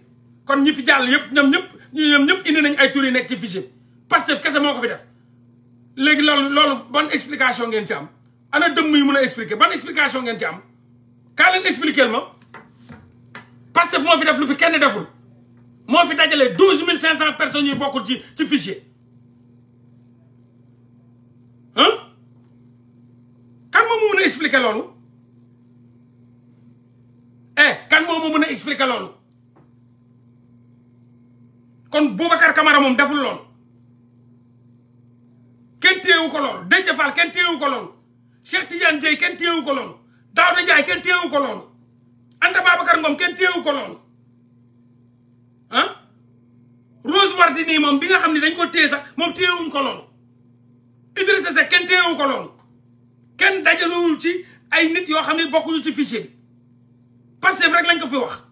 kon ñi fi jàll yëpp ñoom ñëpp ñoom ñëpp indi nañ ay tur yi nekk ci fichier Pastef kese moo ko fi def léegi loolu loolu ban explication ngeen ci am ana dëmm yi mun a expliquer ban explication ngeen ci am kaa leen expliquer ma Pastef moo fi def lu fi kenn deful moo fi dajalee douze mille cinq cent person yu bokkul ci ci fichier ah kan moom mu mun a expliquer loolu eh kan moom mu mun a expliquer loolu kon Boubacar Camara moom deful loolu kenn téyewu ko loolu Déthié Fall kenn téyewu ko loolu Cheikh Tidiane Dieye kenn téyewu ko loolu Daouda Ndiaye kenn téyewu ko loolu Anta Babacar Ngom kenn téyewu ko loolu ah Rose Wardini moom bi nga xam ne dañ ko téye sax moom téyewuñ ko loolu Idrissa Seck kenn téyewu ko loolu kenn dajalowul ci ay nit yoo xam ne bokkuñu ci fichier bi Pastef rek lañ ko fi wax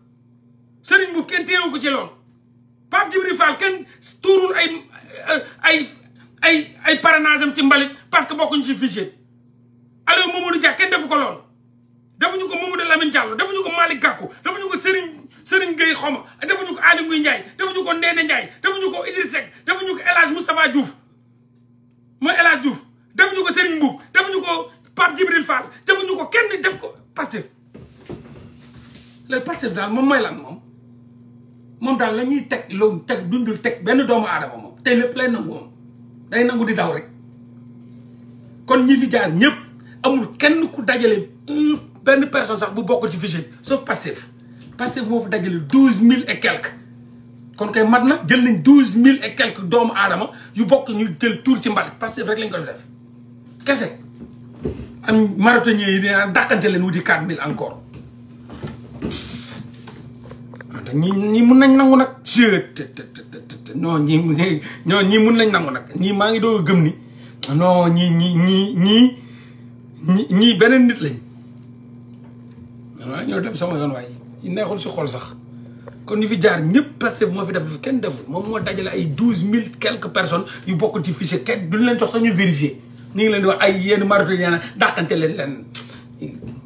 Serigne bu kenn téyewu ko ci loolu Pape Djibril Fall kenn tuurul ay ay ay ay parrainage am ci mbalit parce que bokkuñ ci fichier alors Mamadou Dia kenn defu ko loolu defuñu ko Mamadou Lamine Diallo defuñu ko Malick Gakou defuñu ko Serigne Serigne Gueye Xoma defuñu ko Aly Ngouille Ndiaye defuñu ko Ndéné Ndiaye defuñu ko Idriss Seck defuñu ko El Hadj Moustapha Diouf mooy El Hadj Diouf defuñu ko Serigne Mbouk defuñu ko Pape Djibril Fall defuñu ko kenn def ko Pastef le Pastef daal moom mooy lan moom. moom daal la ñuy teg loolu teg dundul teg benn doomu aadama moom tey lépp lay nangu moom day nangu di daw rek kon ñi fi jaar ñëpp amul kenn ku dajale benn person sax bu bokk ci fichier sauf Pastef Pastef moo fi dajalee douze mille et quelque kon kay mat na jël nañ douze mille et quelque doomu aadama yu bokk ñu jël tour ci mbalit Pastef rek lañ ko def kese am marathoniens yi dina dàqante leen wuti quatre mille encore te ñi ñi mun nañ nangu nag je te ñi ñoo ñi nañ nangu nag ñii maa ngi doo gëm ni non ñii ñi ñi ñii ñi ñii beneen nit lañ waaw ñoo def sama yoon waaye neexul si xool sax kon ñu fi jaar ñëpp Pastef moo fi def kenn deful moom moo dajale ay douze mille quelques personne yu bokk ci fichier kenn duñ leen jox sax ñu vérifier ñu ngi leen di wax ay yenn marocains dàqante leen leen